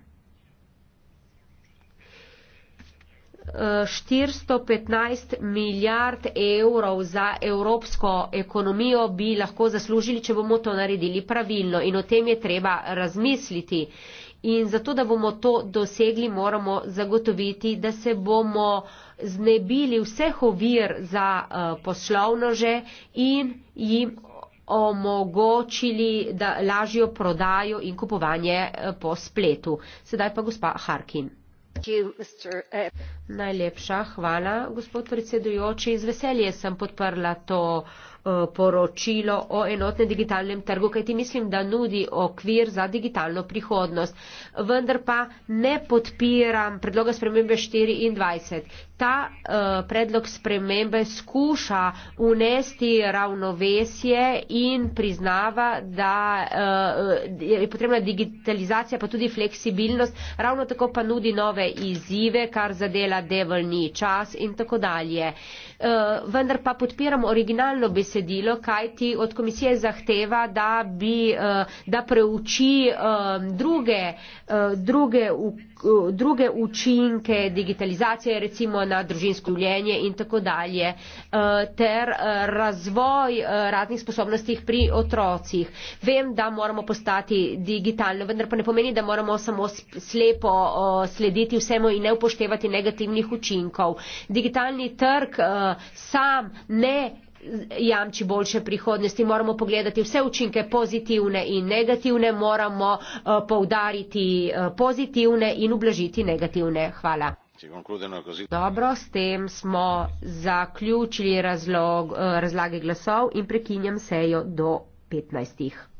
415 milijard evrov za evropsko ekonomijo bi lahko zaslužili, če bomo to naredili pravilno. In o tem je treba razmisliti. In zato, da bomo to dosegli, moramo zagotoviti, da se bomo znebili vseh ovir za eh, poslovnože in jim omogočili lažjo prodajo in kupovanje eh, po spletu. Sedaj pa gospa Harkin. Eh. Najlepša hvala, gospod predsedujoči. Z veseljem sem podprla to resolucijo. Eh, poročilo o enotnem digitalnem trgu, kajti mislim, da nudi okvir za digitalno prihodnost. Vendar pa ne podpiram predloga spremembe 24. Ta eh, predlog spremembe skuša unesti ravnovesje in priznava, da eh, je potrebna digitalizacija, pa tudi fleksibilnost, ravno tako pa nudi nove izzive, kar zadela devolni čas in tako dalje. Vendar pa podpiram originalno besedo, besedilo, kajti od komisije zahteva, da, bi, eh, da preuči eh, druge, eh, druge, druge učinke digitalizacije, recimo na družinsko življenje in tako dalje, ter razvoj radnih sposobnostih pri otrocih. Vem, da moramo postati digitalno, vendar pa ne pomeni, da moramo samo slepo slediti vsemu in ne upoštevati negativnih učinkov. Digitalni trg sam ne jamči boljše prihodnosti. Moramo pogledati vse učinke pozitivne in negativne, moramo uh, poudariti uh, pozitivne in ublažiti negativne. Hvala. Dobro, s tem smo zaključili razlog, eh, razlage glasov in prekinjam sejo do 15.